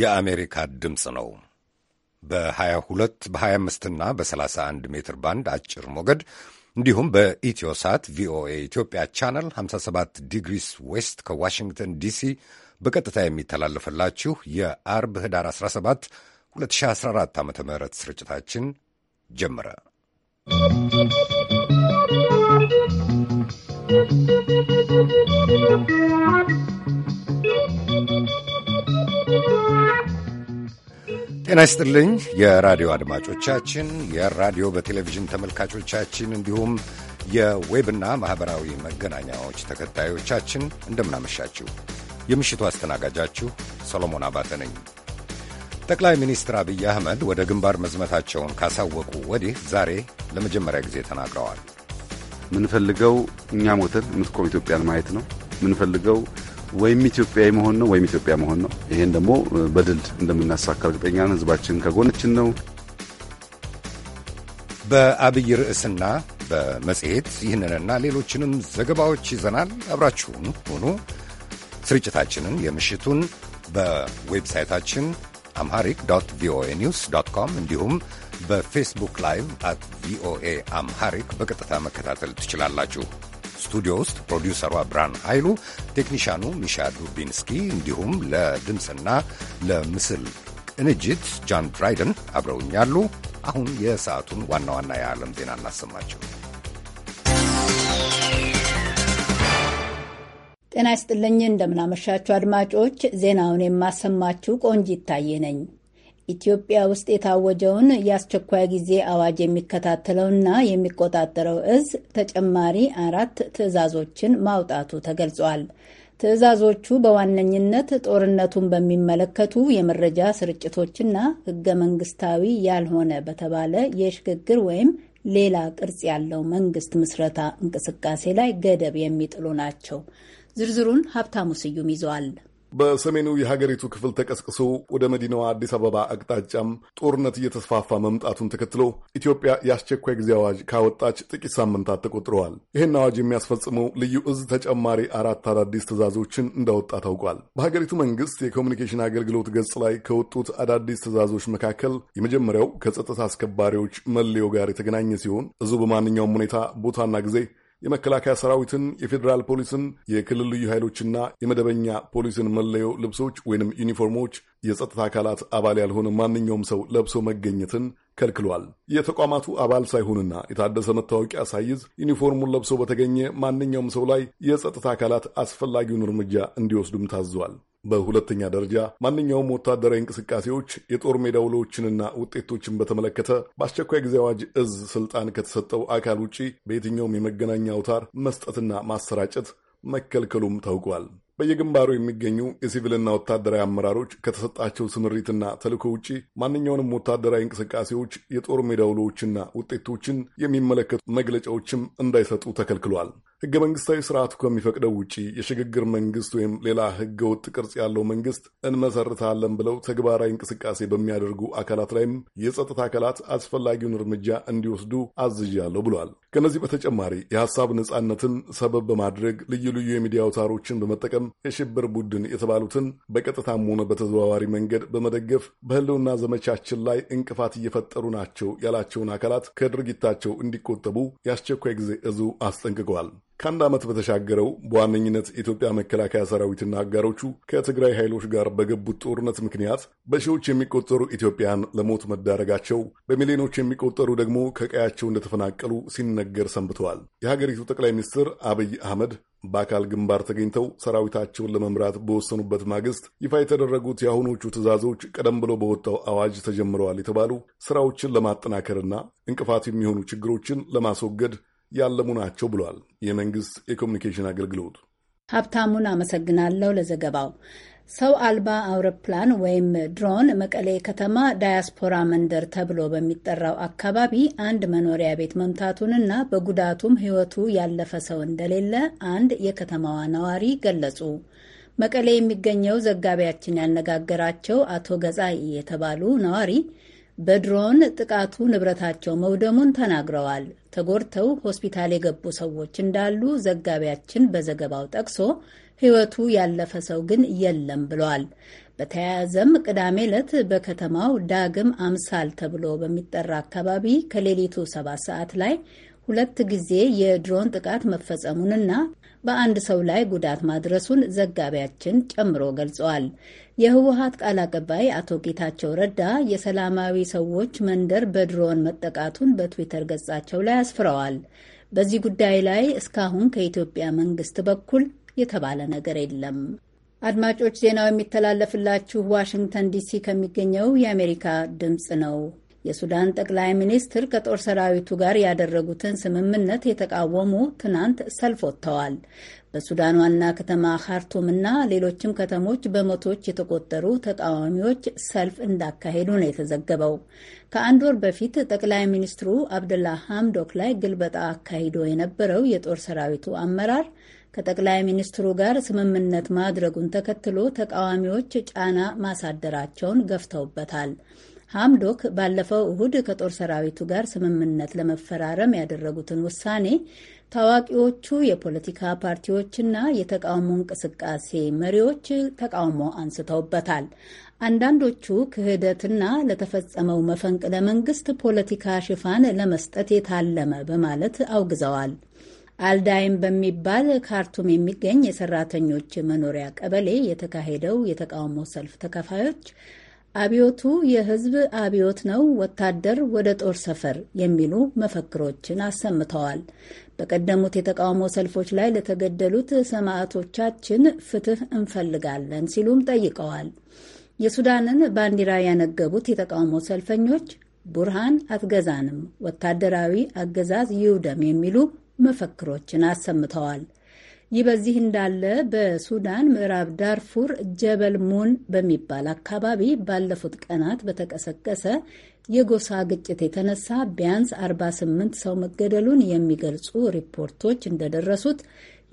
የአሜሪካ ድምፅ ነው። በ22 በ25ና በ31 ሜትር ባንድ አጭር ሞገድ እንዲሁም ሳት ቪኦኤ ኢትዮጵያ ቻናል 57 ዲግሪስ ዌስት ከዋሽንግተን ዲሲ በቀጥታ የሚተላለፍላችሁ የአርብ ህዳር 17 2014 ዓ ም ስርጭታችን ጀመረ። ¶¶ ጤና ይስጥልኝ የራዲዮ አድማጮቻችን፣ የራዲዮ በቴሌቪዥን ተመልካቾቻችን እንዲሁም የዌብና ማኅበራዊ መገናኛዎች ተከታዮቻችን እንደምናመሻችሁ። የምሽቱ አስተናጋጃችሁ ሰሎሞን አባተ ነኝ። ጠቅላይ ሚኒስትር አብይ አህመድ ወደ ግንባር መዝመታቸውን ካሳወቁ ወዲህ ዛሬ ለመጀመሪያ ጊዜ ተናግረዋል። ምንፈልገው እኛ ሞተን የምትቆም ኢትዮጵያን ማየት ነው። ምንፈልገው ወይም ኢትዮጵያዊ መሆን ነው ወይም ኢትዮጵያ መሆን ነው። ይሄን ደግሞ በድል እንደምናሳካ እርግጠኛ ነን። ህዝባችን ከጎናችን ነው። በአብይ ርዕስና በመጽሔት ይህንንና ሌሎችንም ዘገባዎች ይዘናል። አብራችሁን ሆኑ። ስርጭታችንን የምሽቱን በዌብሳይታችን አምሃሪክ ዶት ቪኦኤ ኒውስ ዶት ኮም እንዲሁም በፌስቡክ ላይቭ አት ቪኦኤ አምሃሪክ በቀጥታ መከታተል ትችላላችሁ። ስቱዲዮ ውስጥ ፕሮዲውሰሯ ብርሃን ኃይሉ፣ ቴክኒሻኑ ሚሻ ዱቢንስኪ እንዲሁም ለድምፅና ለምስል ቅንጅት ጃን ድራይደን አብረውኛሉ። አሁን የሰዓቱን ዋና ዋና የዓለም ዜና እናሰማቸው። ጤና ይስጥልኝ። እንደምናመሻችሁ አድማጮች፣ ዜናውን የማሰማችሁ ቆንጅ ይታየነኝ። ነኝ። ኢትዮጵያ ውስጥ የታወጀውን የአስቸኳይ ጊዜ አዋጅ የሚከታተለውና የሚቆጣጠረው እዝ ተጨማሪ አራት ትዕዛዞችን ማውጣቱ ተገልጿል። ትዕዛዞቹ በዋነኝነት ጦርነቱን በሚመለከቱ የመረጃ ስርጭቶችና ሕገ መንግስታዊ ያልሆነ በተባለ የሽግግር ወይም ሌላ ቅርጽ ያለው መንግስት ምስረታ እንቅስቃሴ ላይ ገደብ የሚጥሉ ናቸው። ዝርዝሩን ሀብታሙ ስዩም ይዘዋል። በሰሜኑ የሀገሪቱ ክፍል ተቀስቅሶ ወደ መዲናዋ አዲስ አበባ አቅጣጫም ጦርነት እየተስፋፋ መምጣቱን ተከትሎ ኢትዮጵያ የአስቸኳይ ጊዜ አዋጅ ካወጣች ጥቂት ሳምንታት ተቆጥረዋል። ይህን አዋጅ የሚያስፈጽመው ልዩ እዝ ተጨማሪ አራት አዳዲስ ትዕዛዞችን እንዳወጣ ታውቋል። በሀገሪቱ መንግስት የኮሚኒኬሽን አገልግሎት ገጽ ላይ ከወጡት አዳዲስ ትዕዛዞች መካከል የመጀመሪያው ከጸጥታ አስከባሪዎች መለዮ ጋር የተገናኘ ሲሆን እዙ በማንኛውም ሁኔታ ቦታና ጊዜ የመከላከያ ሰራዊትን፣ የፌዴራል ፖሊስን፣ የክልል ልዩ ኃይሎችና የመደበኛ ፖሊስን መለዮ ልብሶች ወይንም ዩኒፎርሞች የጸጥታ አካላት አባል ያልሆነ ማንኛውም ሰው ለብሶ መገኘትን ከልክሏል። የተቋማቱ አባል ሳይሆንና የታደሰ መታወቂያ ሳይዝ ዩኒፎርሙን ለብሶ በተገኘ ማንኛውም ሰው ላይ የጸጥታ አካላት አስፈላጊውን እርምጃ እንዲወስዱም ታዟል። በሁለተኛ ደረጃ ማንኛውም ወታደራዊ እንቅስቃሴዎች የጦር ሜዳ ውጤቶችን በተመለከተ በአስቸኳይ ጊዜ አዋጅ እዝ ስልጣን ከተሰጠው አካል ውጪ በየትኛውም የመገናኛ አውታር መስጠትና ማሰራጨት መከልከሉም ታውቋል። በየግንባሩ የሚገኙ የሲቪልና ወታደራዊ አመራሮች ከተሰጣቸው ስምሪትና ተልእኮ ውጪ ማንኛውንም ወታደራዊ እንቅስቃሴዎች፣ የጦር ሜዳ ውሎዎችና ውጤቶችን የሚመለከቱ መግለጫዎችም እንዳይሰጡ ተከልክሏል። ህገ መንግስታዊ ስርዓቱ ከሚፈቅደው ውጪ የሽግግር መንግስት ወይም ሌላ ህገ ወጥ ቅርጽ ያለው መንግስት እንመሰርታለን ብለው ተግባራዊ እንቅስቃሴ በሚያደርጉ አካላት ላይም የጸጥታ አካላት አስፈላጊውን እርምጃ እንዲወስዱ አዝዣለሁ ብሏል። ከነዚህ በተጨማሪ የሀሳብ ነጻነትን ሰበብ በማድረግ ልዩ ልዩ የሚዲያ አውታሮችን በመጠቀም የሽብር ቡድን የተባሉትን በቀጥታም ሆነ በተዘዋዋሪ መንገድ በመደገፍ በህልውና ዘመቻችን ላይ እንቅፋት እየፈጠሩ ናቸው ያላቸውን አካላት ከድርጊታቸው እንዲቆጠቡ የአስቸኳይ ጊዜ እዙ አስጠንቅቀዋል። ከአንድ ዓመት በተሻገረው በዋነኝነት የኢትዮጵያ መከላከያ ሰራዊትና አጋሮቹ ከትግራይ ኃይሎች ጋር በገቡት ጦርነት ምክንያት በሺዎች የሚቆጠሩ ኢትዮጵያን ለሞት መዳረጋቸው፣ በሚሊዮኖች የሚቆጠሩ ደግሞ ከቀያቸው እንደተፈናቀሉ ሲነገር ሰንብተዋል። የሀገሪቱ ጠቅላይ ሚኒስትር አብይ አህመድ በአካል ግንባር ተገኝተው ሰራዊታቸውን ለመምራት በወሰኑበት ማግስት ይፋ የተደረጉት የአሁኖቹ ትዕዛዞች ቀደም ብሎ በወጣው አዋጅ ተጀምረዋል የተባሉ ስራዎችን ለማጠናከርና እንቅፋት የሚሆኑ ችግሮችን ለማስወገድ ያለሙ ናቸው ብሏል የመንግስት የኮሚኒኬሽን አገልግሎት። ሀብታሙን አመሰግናለሁ ለዘገባው። ሰው አልባ አውሮፕላን ወይም ድሮን መቀሌ ከተማ ዳያስፖራ መንደር ተብሎ በሚጠራው አካባቢ አንድ መኖሪያ ቤት መምታቱንና በጉዳቱም ሕይወቱ ያለፈ ሰው እንደሌለ አንድ የከተማዋ ነዋሪ ገለጹ። መቀሌ የሚገኘው ዘጋቢያችን ያነጋገራቸው አቶ ገዛኢ የተባሉ ነዋሪ በድሮን ጥቃቱ ንብረታቸው መውደሙን ተናግረዋል። ተጎድተው ሆስፒታል የገቡ ሰዎች እንዳሉ ዘጋቢያችን በዘገባው ጠቅሶ ሕይወቱ ያለፈ ሰው ግን የለም ብሏል። በተያያዘም ቅዳሜ ዕለት በከተማው ዳግም አምሳል ተብሎ በሚጠራ አካባቢ ከሌሊቱ ሰባት ሰዓት ላይ ሁለት ጊዜ የድሮን ጥቃት መፈጸሙንና በአንድ ሰው ላይ ጉዳት ማድረሱን ዘጋቢያችን ጨምሮ ገልጸዋል። የህወሀት ቃል አቀባይ አቶ ጌታቸው ረዳ የሰላማዊ ሰዎች መንደር በድሮን መጠቃቱን በትዊተር ገጻቸው ላይ አስፍረዋል። በዚህ ጉዳይ ላይ እስካሁን ከኢትዮጵያ መንግስት በኩል የተባለ ነገር የለም። አድማጮች፣ ዜናው የሚተላለፍላችሁ ዋሽንግተን ዲሲ ከሚገኘው የአሜሪካ ድምፅ ነው። የሱዳን ጠቅላይ ሚኒስትር ከጦር ሰራዊቱ ጋር ያደረጉትን ስምምነት የተቃወሙ ትናንት ሰልፍ ወጥተዋል። በሱዳን ዋና ከተማ ካርቱም እና ሌሎችም ከተሞች በመቶች የተቆጠሩ ተቃዋሚዎች ሰልፍ እንዳካሄዱ ነው የተዘገበው። ከአንድ ወር በፊት ጠቅላይ ሚኒስትሩ አብደላ ሐምዶክ ላይ ግልበጣ አካሂዶ የነበረው የጦር ሰራዊቱ አመራር ከጠቅላይ ሚኒስትሩ ጋር ስምምነት ማድረጉን ተከትሎ ተቃዋሚዎች ጫና ማሳደራቸውን ገፍተውበታል። ሐምዶክ ባለፈው እሁድ ከጦር ሰራዊቱ ጋር ስምምነት ለመፈራረም ያደረጉትን ውሳኔ ታዋቂዎቹ የፖለቲካ ፓርቲዎችና የተቃውሞ እንቅስቃሴ መሪዎች ተቃውሞ አንስተውበታል። አንዳንዶቹ ክህደትና ለተፈጸመው መፈንቅለ መንግስት ፖለቲካ ሽፋን ለመስጠት የታለመ በማለት አውግዘዋል። አልዳይም በሚባል ካርቱም የሚገኝ የሰራተኞች መኖሪያ ቀበሌ የተካሄደው የተቃውሞ ሰልፍ ተካፋዮች አብዮቱ የህዝብ አብዮት ነው፣ ወታደር ወደ ጦር ሰፈር የሚሉ መፈክሮችን አሰምተዋል። በቀደሙት የተቃውሞ ሰልፎች ላይ ለተገደሉት ሰማዕቶቻችን ፍትህ እንፈልጋለን ሲሉም ጠይቀዋል። የሱዳንን ባንዲራ ያነገቡት የተቃውሞ ሰልፈኞች ቡርሃን አትገዛንም፣ ወታደራዊ አገዛዝ ይውደም የሚሉ መፈክሮችን አሰምተዋል። ይህ በዚህ እንዳለ በሱዳን ምዕራብ ዳርፉር ጀበል ሙን በሚባል አካባቢ ባለፉት ቀናት በተቀሰቀሰ የጎሳ ግጭት የተነሳ ቢያንስ 48 ሰው መገደሉን የሚገልጹ ሪፖርቶች እንደደረሱት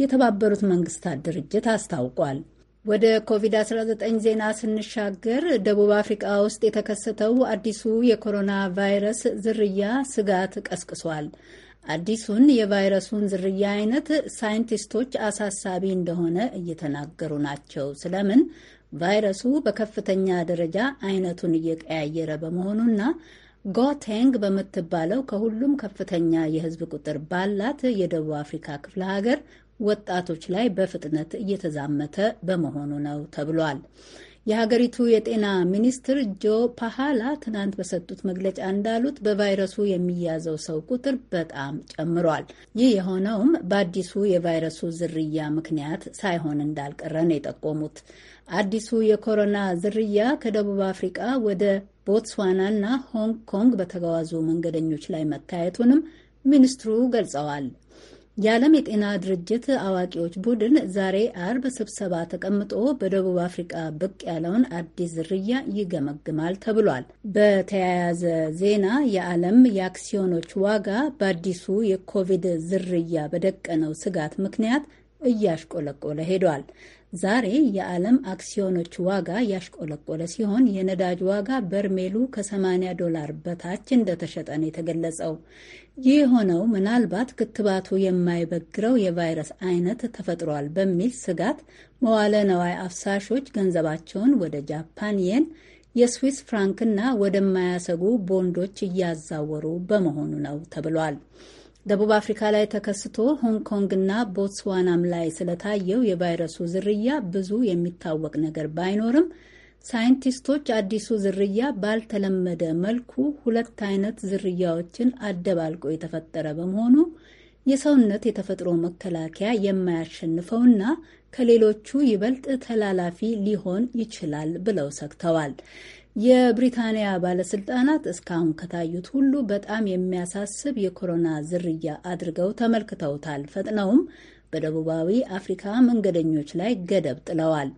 የተባበሩት መንግስታት ድርጅት አስታውቋል። ወደ ኮቪድ-19 ዜና ስንሻገር ደቡብ አፍሪቃ ውስጥ የተከሰተው አዲሱ የኮሮና ቫይረስ ዝርያ ስጋት ቀስቅሷል። አዲሱን የቫይረሱን ዝርያ አይነት ሳይንቲስቶች አሳሳቢ እንደሆነ እየተናገሩ ናቸው። ስለምን ቫይረሱ በከፍተኛ ደረጃ አይነቱን እየቀያየረ በመሆኑና ጎቴንግ በምትባለው ከሁሉም ከፍተኛ የሕዝብ ቁጥር ባላት የደቡብ አፍሪካ ክፍለ ሀገር ወጣቶች ላይ በፍጥነት እየተዛመተ በመሆኑ ነው ተብሏል። የሀገሪቱ የጤና ሚኒስትር ጆ ፓሃላ ትናንት በሰጡት መግለጫ እንዳሉት በቫይረሱ የሚያዘው ሰው ቁጥር በጣም ጨምሯል። ይህ የሆነውም በአዲሱ የቫይረሱ ዝርያ ምክንያት ሳይሆን እንዳልቀረ ነው የጠቆሙት። አዲሱ የኮሮና ዝርያ ከደቡብ አፍሪቃ ወደ ቦትስዋናና ሆንግ ኮንግ በተጓዙ መንገደኞች ላይ መታየቱንም ሚኒስትሩ ገልጸዋል። የዓለም የጤና ድርጅት አዋቂዎች ቡድን ዛሬ አርብ ስብሰባ ተቀምጦ በደቡብ አፍሪቃ ብቅ ያለውን አዲስ ዝርያ ይገመግማል ተብሏል። በተያያዘ ዜና የዓለም የአክሲዮኖች ዋጋ በአዲሱ የኮቪድ ዝርያ በደቀነው ስጋት ምክንያት እያሽቆለቆለ ሄዷል። ዛሬ የዓለም አክሲዮኖች ዋጋ ያሽቆለቆለ ሲሆን የነዳጅ ዋጋ በርሜሉ ከ80 ዶላር በታች እንደተሸጠ ነው የተገለጸው። ይህ የሆነው ምናልባት ክትባቱ የማይበግረው የቫይረስ አይነት ተፈጥሯል በሚል ስጋት መዋለ ነዋይ አፍሳሾች ገንዘባቸውን ወደ ጃፓን የን፣ የስዊስ ፍራንክና ወደማያሰጉ ቦንዶች እያዛወሩ በመሆኑ ነው ተብሏል። ደቡብ አፍሪካ ላይ ተከስቶ ሆንግ ኮንግና ቦትስዋናም ላይ ስለታየው የቫይረሱ ዝርያ ብዙ የሚታወቅ ነገር ባይኖርም ሳይንቲስቶች አዲሱ ዝርያ ባልተለመደ መልኩ ሁለት አይነት ዝርያዎችን አደባልቆ የተፈጠረ በመሆኑ የሰውነት የተፈጥሮ መከላከያ የማያሸንፈውና ከሌሎቹ ይበልጥ ተላላፊ ሊሆን ይችላል ብለው ሰግተዋል። የብሪታንያ ባለስልጣናት እስካሁን ከታዩት ሁሉ በጣም የሚያሳስብ የኮሮና ዝርያ አድርገው ተመልክተውታል። ፈጥነውም በደቡባዊ አፍሪካ መንገደኞች ላይ ገደብ ጥለዋል።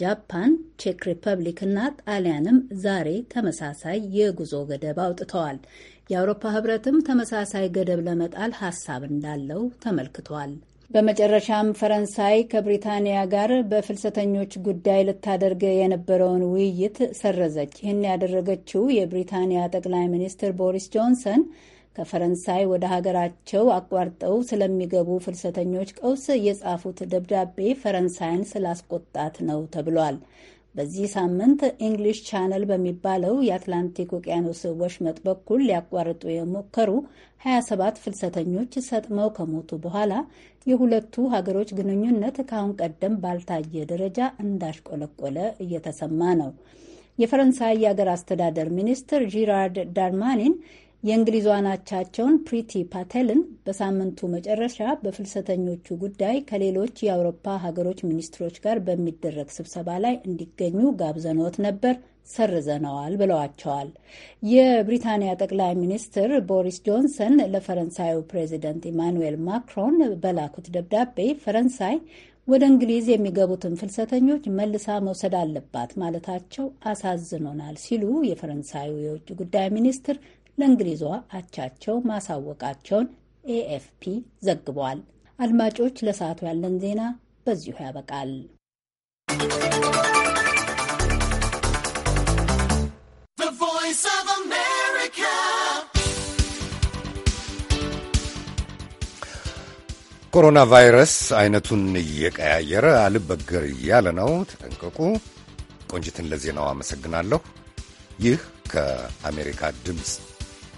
ጃፓን፣ ቼክ ሪፐብሊክ እና ጣሊያንም ዛሬ ተመሳሳይ የጉዞ ገደብ አውጥተዋል። የአውሮፓ ህብረትም ተመሳሳይ ገደብ ለመጣል ሀሳብ እንዳለው ተመልክቷል። በመጨረሻም ፈረንሳይ ከብሪታንያ ጋር በፍልሰተኞች ጉዳይ ልታደርግ የነበረውን ውይይት ሰረዘች። ይህን ያደረገችው የብሪታንያ ጠቅላይ ሚኒስትር ቦሪስ ጆንሰን ከፈረንሳይ ወደ ሀገራቸው አቋርጠው ስለሚገቡ ፍልሰተኞች ቀውስ የጻፉት ደብዳቤ ፈረንሳይን ስላስቆጣት ነው ተብሏል። በዚህ ሳምንት ኢንግሊሽ ቻነል በሚባለው የአትላንቲክ ውቅያኖስ ወሽመጥ በኩል ሊያቋርጡ የሞከሩ 27 ፍልሰተኞች ሰጥመው ከሞቱ በኋላ የሁለቱ ሀገሮች ግንኙነት ከአሁን ቀደም ባልታየ ደረጃ እንዳሽቆለቆለ እየተሰማ ነው። የፈረንሳይ የአገር አስተዳደር ሚኒስትር ጂራርድ ዳርማኒን የእንግሊዟን አቻቸውን ፕሪቲ ፓቴልን በሳምንቱ መጨረሻ በፍልሰተኞቹ ጉዳይ ከሌሎች የአውሮፓ ሀገሮች ሚኒስትሮች ጋር በሚደረግ ስብሰባ ላይ እንዲገኙ ጋብዘኖት ነበር፣ ሰርዘነዋል ብለዋቸዋል። የብሪታንያ ጠቅላይ ሚኒስትር ቦሪስ ጆንሰን ለፈረንሳዩ ፕሬዚደንት ኢማኑኤል ማክሮን በላኩት ደብዳቤ ፈረንሳይ ወደ እንግሊዝ የሚገቡትን ፍልሰተኞች መልሳ መውሰድ አለባት ማለታቸው አሳዝኖናል ሲሉ የፈረንሳዩ የውጭ ጉዳይ ሚኒስትር ለእንግሊዟ አቻቸው ማሳወቃቸውን ኤኤፍፒ ዘግቧል። አድማጮች፣ ለሰዓቱ ያለን ዜና በዚሁ ያበቃል። ኮሮና ቫይረስ አይነቱን እየቀያየረ አልበገር እያለ ነው። ተጠንቀቁ። ቆንጅትን ለዜናው አመሰግናለሁ። ይህ ከአሜሪካ ድምፅ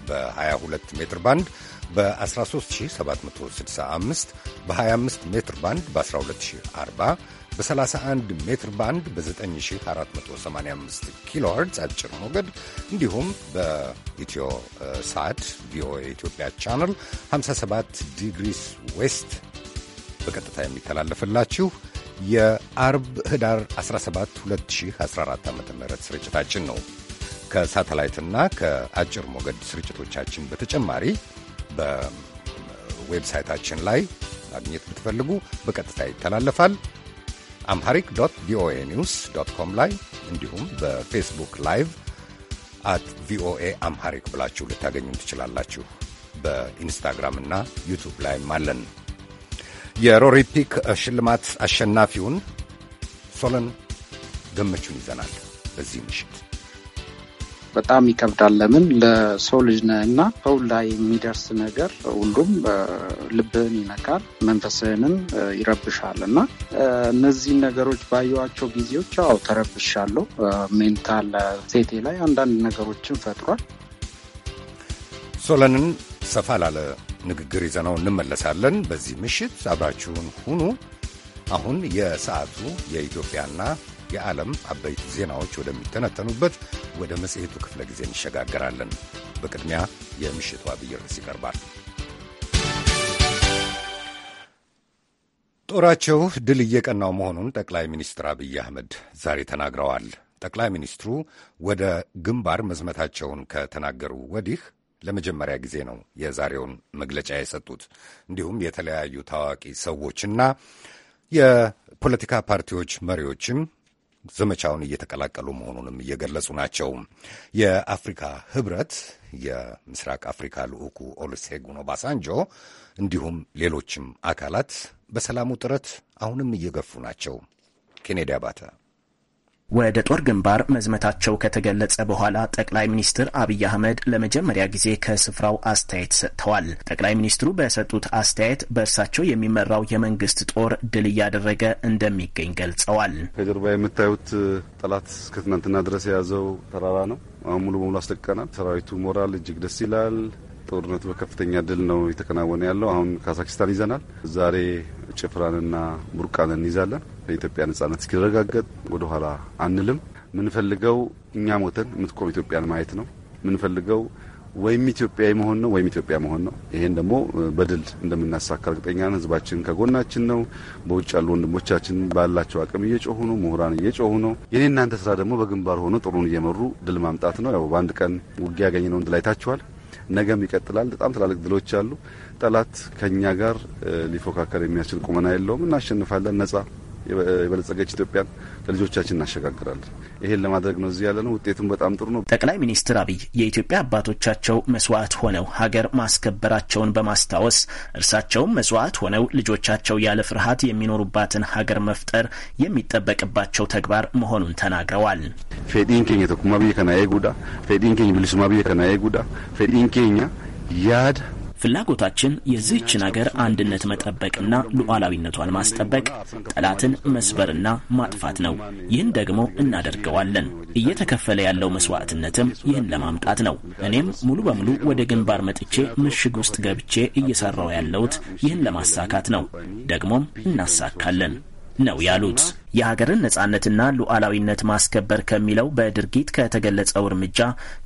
በ22 ሜትር ባንድ በ13765 በ25 ሜትር ባንድ በ1240 በ31 ሜትር ባንድ በ9485 ኪሎ ሄርዝ አጭር ሞገድ እንዲሁም በኢትዮ ሳት ቪኦኤ ኢትዮጵያ ቻናል 57 ዲግሪስ ዌስት በቀጥታ የሚተላለፍላችሁ የአርብ ህዳር 17 2014 ዓ ም ስርጭታችን ነው። ከሳተላይትና ከአጭር ሞገድ ስርጭቶቻችን በተጨማሪ በዌብሳይታችን ላይ ማግኘት ብትፈልጉ በቀጥታ ይተላለፋል። አምሃሪክ ዶት ቪኦኤ ኒውስ ዶት ኮም ላይ እንዲሁም በፌስቡክ ላይቭ አት ቪኦኤ አምሃሪክ ብላችሁ ልታገኙን ትችላላችሁ። በኢንስታግራም እና ዩቱብ ላይም አለን። የሮሪ ፒክ ሽልማት አሸናፊውን ሶለን ገመቹን ይዘናል በዚህ ምሽት በጣም ይከብዳል። ለምን ለሰው ልጅ ነህ እና ሰው ላይ የሚደርስ ነገር ሁሉም ልብህን ይነካል፣ መንፈስህንም ይረብሻል እና እነዚህን ነገሮች ባየኋቸው ጊዜዎች አዎ ተረብሻለሁ። ሜንታል ሴቴ ላይ አንዳንድ ነገሮችን ፈጥሯል። ሶለንን ሰፋ ላለ ንግግር ይዘነው እንመለሳለን። በዚህ ምሽት አብራችሁን ሁኑ። አሁን የሰዓቱ የኢትዮጵያና የዓለም አበይት ዜናዎች ወደሚተነተኑበት ወደ መጽሔቱ ክፍለ ጊዜ እንሸጋገራለን። በቅድሚያ የምሽቱ አብይ ርዕስ ይቀርባል። ጦራቸው ድል እየቀናው መሆኑን ጠቅላይ ሚኒስትር አብይ አህመድ ዛሬ ተናግረዋል። ጠቅላይ ሚኒስትሩ ወደ ግንባር መዝመታቸውን ከተናገሩ ወዲህ ለመጀመሪያ ጊዜ ነው የዛሬውን መግለጫ የሰጡት። እንዲሁም የተለያዩ ታዋቂ ሰዎችና የፖለቲካ ፓርቲዎች መሪዎችም ዘመቻውን እየተቀላቀሉ መሆኑንም እየገለጹ ናቸው። የአፍሪካ ህብረት የምስራቅ አፍሪካ ልዑኩ ኦሉሴጉን ኦባሳንጆ እንዲሁም ሌሎችም አካላት በሰላሙ ጥረት አሁንም እየገፉ ናቸው። ኬኔዲ አባተ ወደ ጦር ግንባር መዝመታቸው ከተገለጸ በኋላ ጠቅላይ ሚኒስትር አብይ አህመድ ለመጀመሪያ ጊዜ ከስፍራው አስተያየት ሰጥተዋል። ጠቅላይ ሚኒስትሩ በሰጡት አስተያየት በእርሳቸው የሚመራው የመንግስት ጦር ድል እያደረገ እንደሚገኝ ገልጸዋል። ከጀርባ የምታዩት ጠላት እስከ ትናንትና ድረስ የያዘው ተራራ ነው። አሁን ሙሉ በሙሉ አስለቀናል። ሰራዊቱ ሞራል እጅግ ደስ ይላል። ጦርነቱ በከፍተኛ ድል ነው የተከናወነ ያለው። አሁን ካዛክስታን ይዘናል። ዛሬ ጭፍራንና ቡርቃንን እንይዛለን። የኢትዮጵያ ነጻነት እስኪረጋገጥ ወደኋላ አንልም። ምንፈልገው እኛ ሞተን የምትቆም ኢትዮጵያን ማየት ነው። ምንፈልገው ወይም ኢትዮጵያዊ መሆን ነው ወይም ኢትዮጵያ መሆን ነው። ይሄን ደግሞ በድል እንደምናሳካ እርግጠኛ ህዝባችን ከጎናችን ነው። በውጭ ያሉ ወንድሞቻችን ባላቸው አቅም እየጮሁ ነው። ምሁራን እየጮሁ ነው። የኔ እናንተ ስራ ደግሞ በግንባር ሆኖ ጥሩን እየመሩ ድል ማምጣት ነው። ያው በአንድ ቀን ውጊያ ያገኘ ነው እንድላይታችኋል። ነገም ይቀጥላል። በጣም ትላልቅ ድሎች አሉ። ጠላት ከኛ ጋር ሊፎካከር የሚያስችል ቁመና የለውም። እናሸንፋለን። ነጻ የበለጸገች ኢትዮጵያን ለልጆቻችን እናሸጋግራለን። ይሄን ለማድረግ ነው እዚህ ያለ ነው። ውጤቱም በጣም ጥሩ ነው። ጠቅላይ ሚኒስትር አብይ የኢትዮጵያ አባቶቻቸው መስዋዕት ሆነው ሀገር ማስከበራቸውን በማስታወስ እርሳቸውም መስዋዕት ሆነው ልጆቻቸው ያለ ፍርሃት የሚኖሩባትን ሀገር መፍጠር የሚጠበቅባቸው ተግባር መሆኑን ተናግረዋል። ፌዲንኬኝ ተኩማ ብዬ ከናዬ ጉዳ ፌዲንኬኝ ብልሱማ ብዬ ከናዬ ጉዳ ፌዲንኬኛ ያድ ፍላጎታችን የዚህችን አገር አንድነት መጠበቅና ሉዓላዊነቷን ማስጠበቅ፣ ጠላትን መስበርና ማጥፋት ነው። ይህን ደግሞ እናደርገዋለን። እየተከፈለ ያለው መስዋዕትነትም ይህን ለማምጣት ነው። እኔም ሙሉ በሙሉ ወደ ግንባር መጥቼ ምሽግ ውስጥ ገብቼ እየሰራው ያለሁት ይህን ለማሳካት ነው። ደግሞም እናሳካለን። ነው ያሉት። የሀገርን ነጻነትና ሉዓላዊነት ማስከበር ከሚለው በድርጊት ከተገለጸው እርምጃ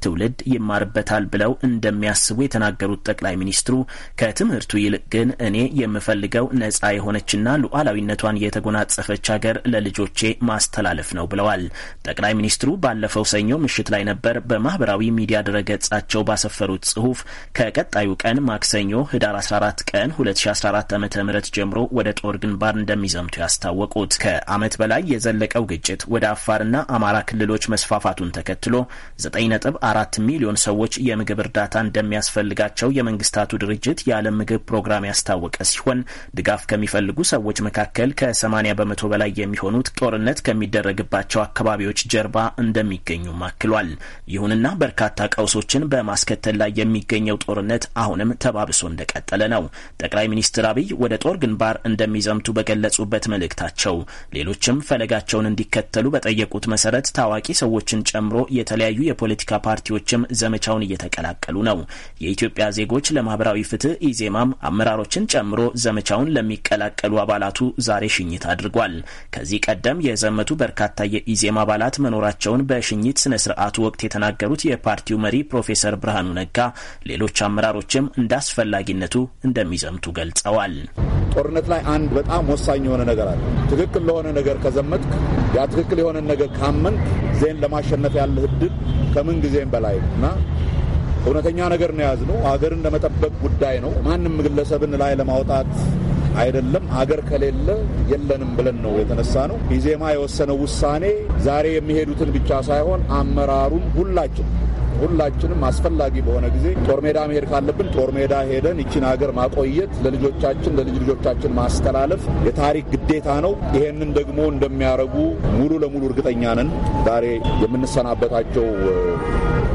ትውልድ ይማርበታል ብለው እንደሚያስቡ የተናገሩት ጠቅላይ ሚኒስትሩ ከትምህርቱ ይልቅ ግን እኔ የምፈልገው ነጻ የሆነችና ሉዓላዊነቷን የተጎናጸፈች ሀገር ለልጆቼ ማስተላለፍ ነው ብለዋል። ጠቅላይ ሚኒስትሩ ባለፈው ሰኞ ምሽት ላይ ነበር በማህበራዊ ሚዲያ ድረገጻቸው ባሰፈሩት ጽሁፍ ከቀጣዩ ቀን ማክሰኞ ህዳር 14 ቀን 2014 ዓ ም ጀምሮ ወደ ጦር ግንባር እንደሚዘምቱ ያስታወቁ ያስታወቁት። ከዓመት በላይ የዘለቀው ግጭት ወደ አፋርና አማራ ክልሎች መስፋፋቱን ተከትሎ 9.4 ሚሊዮን ሰዎች የምግብ እርዳታ እንደሚያስፈልጋቸው የመንግስታቱ ድርጅት የዓለም ምግብ ፕሮግራም ያስታወቀ ሲሆን ድጋፍ ከሚፈልጉ ሰዎች መካከል ከ80 በመቶ በላይ የሚሆኑት ጦርነት ከሚደረግባቸው አካባቢዎች ጀርባ እንደሚገኙም አክሏል። ይሁንና በርካታ ቀውሶችን በማስከተል ላይ የሚገኘው ጦርነት አሁንም ተባብሶ እንደቀጠለ ነው። ጠቅላይ ሚኒስትር አብይ ወደ ጦር ግንባር እንደሚዘምቱ በገለጹበት መልእክታቸው ናቸው። ሌሎችም ፈለጋቸውን እንዲከተሉ በጠየቁት መሰረት ታዋቂ ሰዎችን ጨምሮ የተለያዩ የፖለቲካ ፓርቲዎችም ዘመቻውን እየተቀላቀሉ ነው። የኢትዮጵያ ዜጎች ለማህበራዊ ፍትህ ኢዜማም አመራሮችን ጨምሮ ዘመቻውን ለሚቀላቀሉ አባላቱ ዛሬ ሽኝት አድርጓል። ከዚህ ቀደም የዘመቱ በርካታ የኢዜማ አባላት መኖራቸውን በሽኝት ስነ ስርዓቱ ወቅት የተናገሩት የፓርቲው መሪ ፕሮፌሰር ብርሃኑ ነጋ ሌሎች አመራሮችም እንደ አስፈላጊነቱ እንደሚዘምቱ ገልጸዋል። ጦርነት ላይ አንድ በጣም ወሳኝ የሆነ ነገር አለ። ትክክል ለሆነ ነገር ከዘመትክ፣ ያ ትክክል የሆነ ነገር ካመንክ ዜን ለማሸነፍ ያለህ እድል ከምን ጊዜም በላይ እና እውነተኛ ነገር ነው የያዝነው። አገርን ለመጠበቅ ጉዳይ ነው። ማንም ግለሰብን ላይ ለማውጣት አይደለም። አገር ከሌለ የለንም ብለን ነው የተነሳ ነው። ኢዜማ የወሰነው ውሳኔ ዛሬ የሚሄዱትን ብቻ ሳይሆን አመራሩን ሁላችን ሁላችንም አስፈላጊ በሆነ ጊዜ ጦር ሜዳ መሄድ ካለብን ጦር ሜዳ ሄደን ይችን ሀገር ማቆየት፣ ለልጆቻችን ለልጅ ልጆቻችን ማስተላለፍ የታሪክ ግዴታ ነው። ይሄንን ደግሞ እንደሚያደርጉ ሙሉ ለሙሉ እርግጠኛ ነን። ዛሬ የምንሰናበታቸው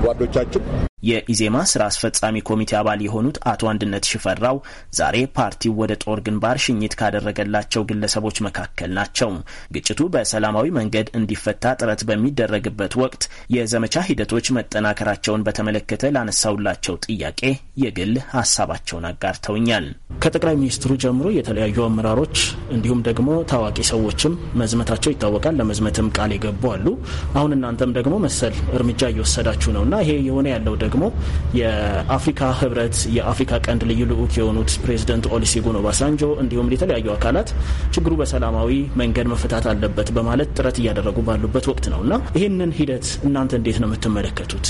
ጓዶቻችን የኢዜማ ስራ አስፈጻሚ ኮሚቴ አባል የሆኑት አቶ አንድነት ሽፈራው ዛሬ ፓርቲው ወደ ጦር ግንባር ሽኝት ካደረገላቸው ግለሰቦች መካከል ናቸው። ግጭቱ በሰላማዊ መንገድ እንዲፈታ ጥረት በሚደረግበት ወቅት የዘመቻ ሂደቶች መጠናከራቸውን በተመለከተ ላነሳውላቸው ጥያቄ የግል ሀሳባቸውን አጋርተውኛል። ከጠቅላይ ሚኒስትሩ ጀምሮ የተለያዩ አመራሮች እንዲሁም ደግሞ ታዋቂ ሰዎችም መዝመታቸው ይታወቃል። ለመዝመትም ቃል የገቡ አሉ። አሁን እናንተም ደግሞ መሰል እርምጃ እየወሰዳችሁ ነው እና ይሄ የሆነ ያለው ደግሞ ደግሞ የአፍሪካ ህብረት የአፍሪካ ቀንድ ልዩ ልዑክ የሆኑት ፕሬዚደንት ኦሊሴጉን ኦባሳንጆ እንዲሁም የተለያዩ አካላት ችግሩ በሰላማዊ መንገድ መፈታት አለበት በማለት ጥረት እያደረጉ ባሉበት ወቅት ነው እና ይህንን ሂደት እናንተ እንዴት ነው የምትመለከቱት?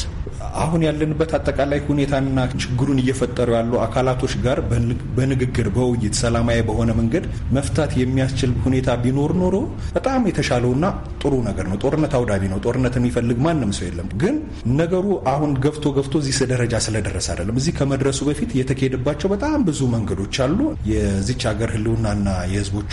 አሁን ያለንበት አጠቃላይ ሁኔታና ችግሩን እየፈጠሩ ያሉ አካላቶች ጋር በንግግር በውይይት ሰላማዊ በሆነ መንገድ መፍታት የሚያስችል ሁኔታ ቢኖር ኖሮ በጣም የተሻለውና ጥሩ ነገር ነው። ጦርነት አውዳቢ ነው። ጦርነት የሚፈልግ ማንም ሰው የለም። ግን ነገሩ አሁን ገብቶ ገብቶ እዚህ ደረጃ ስለደረሰ አይደለም። እዚህ ከመድረሱ በፊት የተካሄደባቸው በጣም ብዙ መንገዶች አሉ። የዚች ሀገር ህልውናና የህዝቦቿ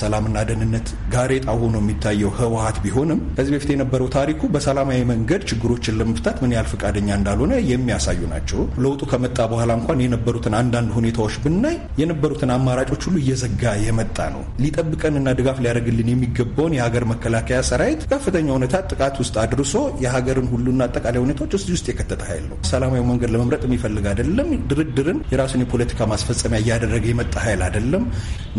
ሰላምና ደህንነት ጋሬጣ ሆኖ የሚታየው ህወሀት ቢሆንም ከዚህ በፊት የነበረው ታሪኩ በሰላማዊ መንገድ ችግሮችን ለመፍታት ምን ያህል ፈቃደኛ እንዳልሆነ የሚያሳዩ ናቸው። ለውጡ ከመጣ በኋላ እንኳን የነበሩትን አንዳንድ ሁኔታዎች ብናይ የነበሩትን አማራጮች ሁሉ እየዘጋ የመጣ ነው። ሊጠብቀንና ድጋፍ ሊያደርግልን የሚገባውን የሀገር መከላከያ ሰራዊት ከፍተኛ ሁኔታ ጥቃት ውስጥ አድርሶ የሀገርን ሁሉና አጠቃላይ ሁኔታዎች እዚህ ውስጥ የከተተ ኃይል ነው። ሰላማዊ መንገድ ለመምረጥ የሚፈልግ አይደለም። ድርድርን የራሱን የፖለቲካ ማስፈጸሚያ እያደረገ የመጣ ኃይል አይደለም።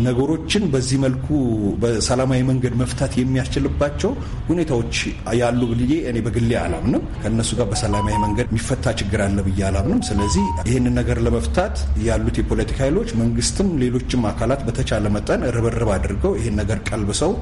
ነገሮችን በዚህ መልኩ መልኩ በሰላማዊ መንገድ መፍታት የሚያስችልባቸው ሁኔታዎች ያሉ ብዬ እኔ በግሌ አላምንም። ከእነሱ ጋር በሰላማዊ መንገድ የሚፈታ ችግር አለ ብዬ አላምንም። ስለዚህ ይህንን ነገር ለመፍታት ያሉት የፖለቲካ ኃይሎች መንግስትም፣ ሌሎችም አካላት በተቻለ መጠን ርብርብ አድርገው ይህን ነገር ቀልብሰው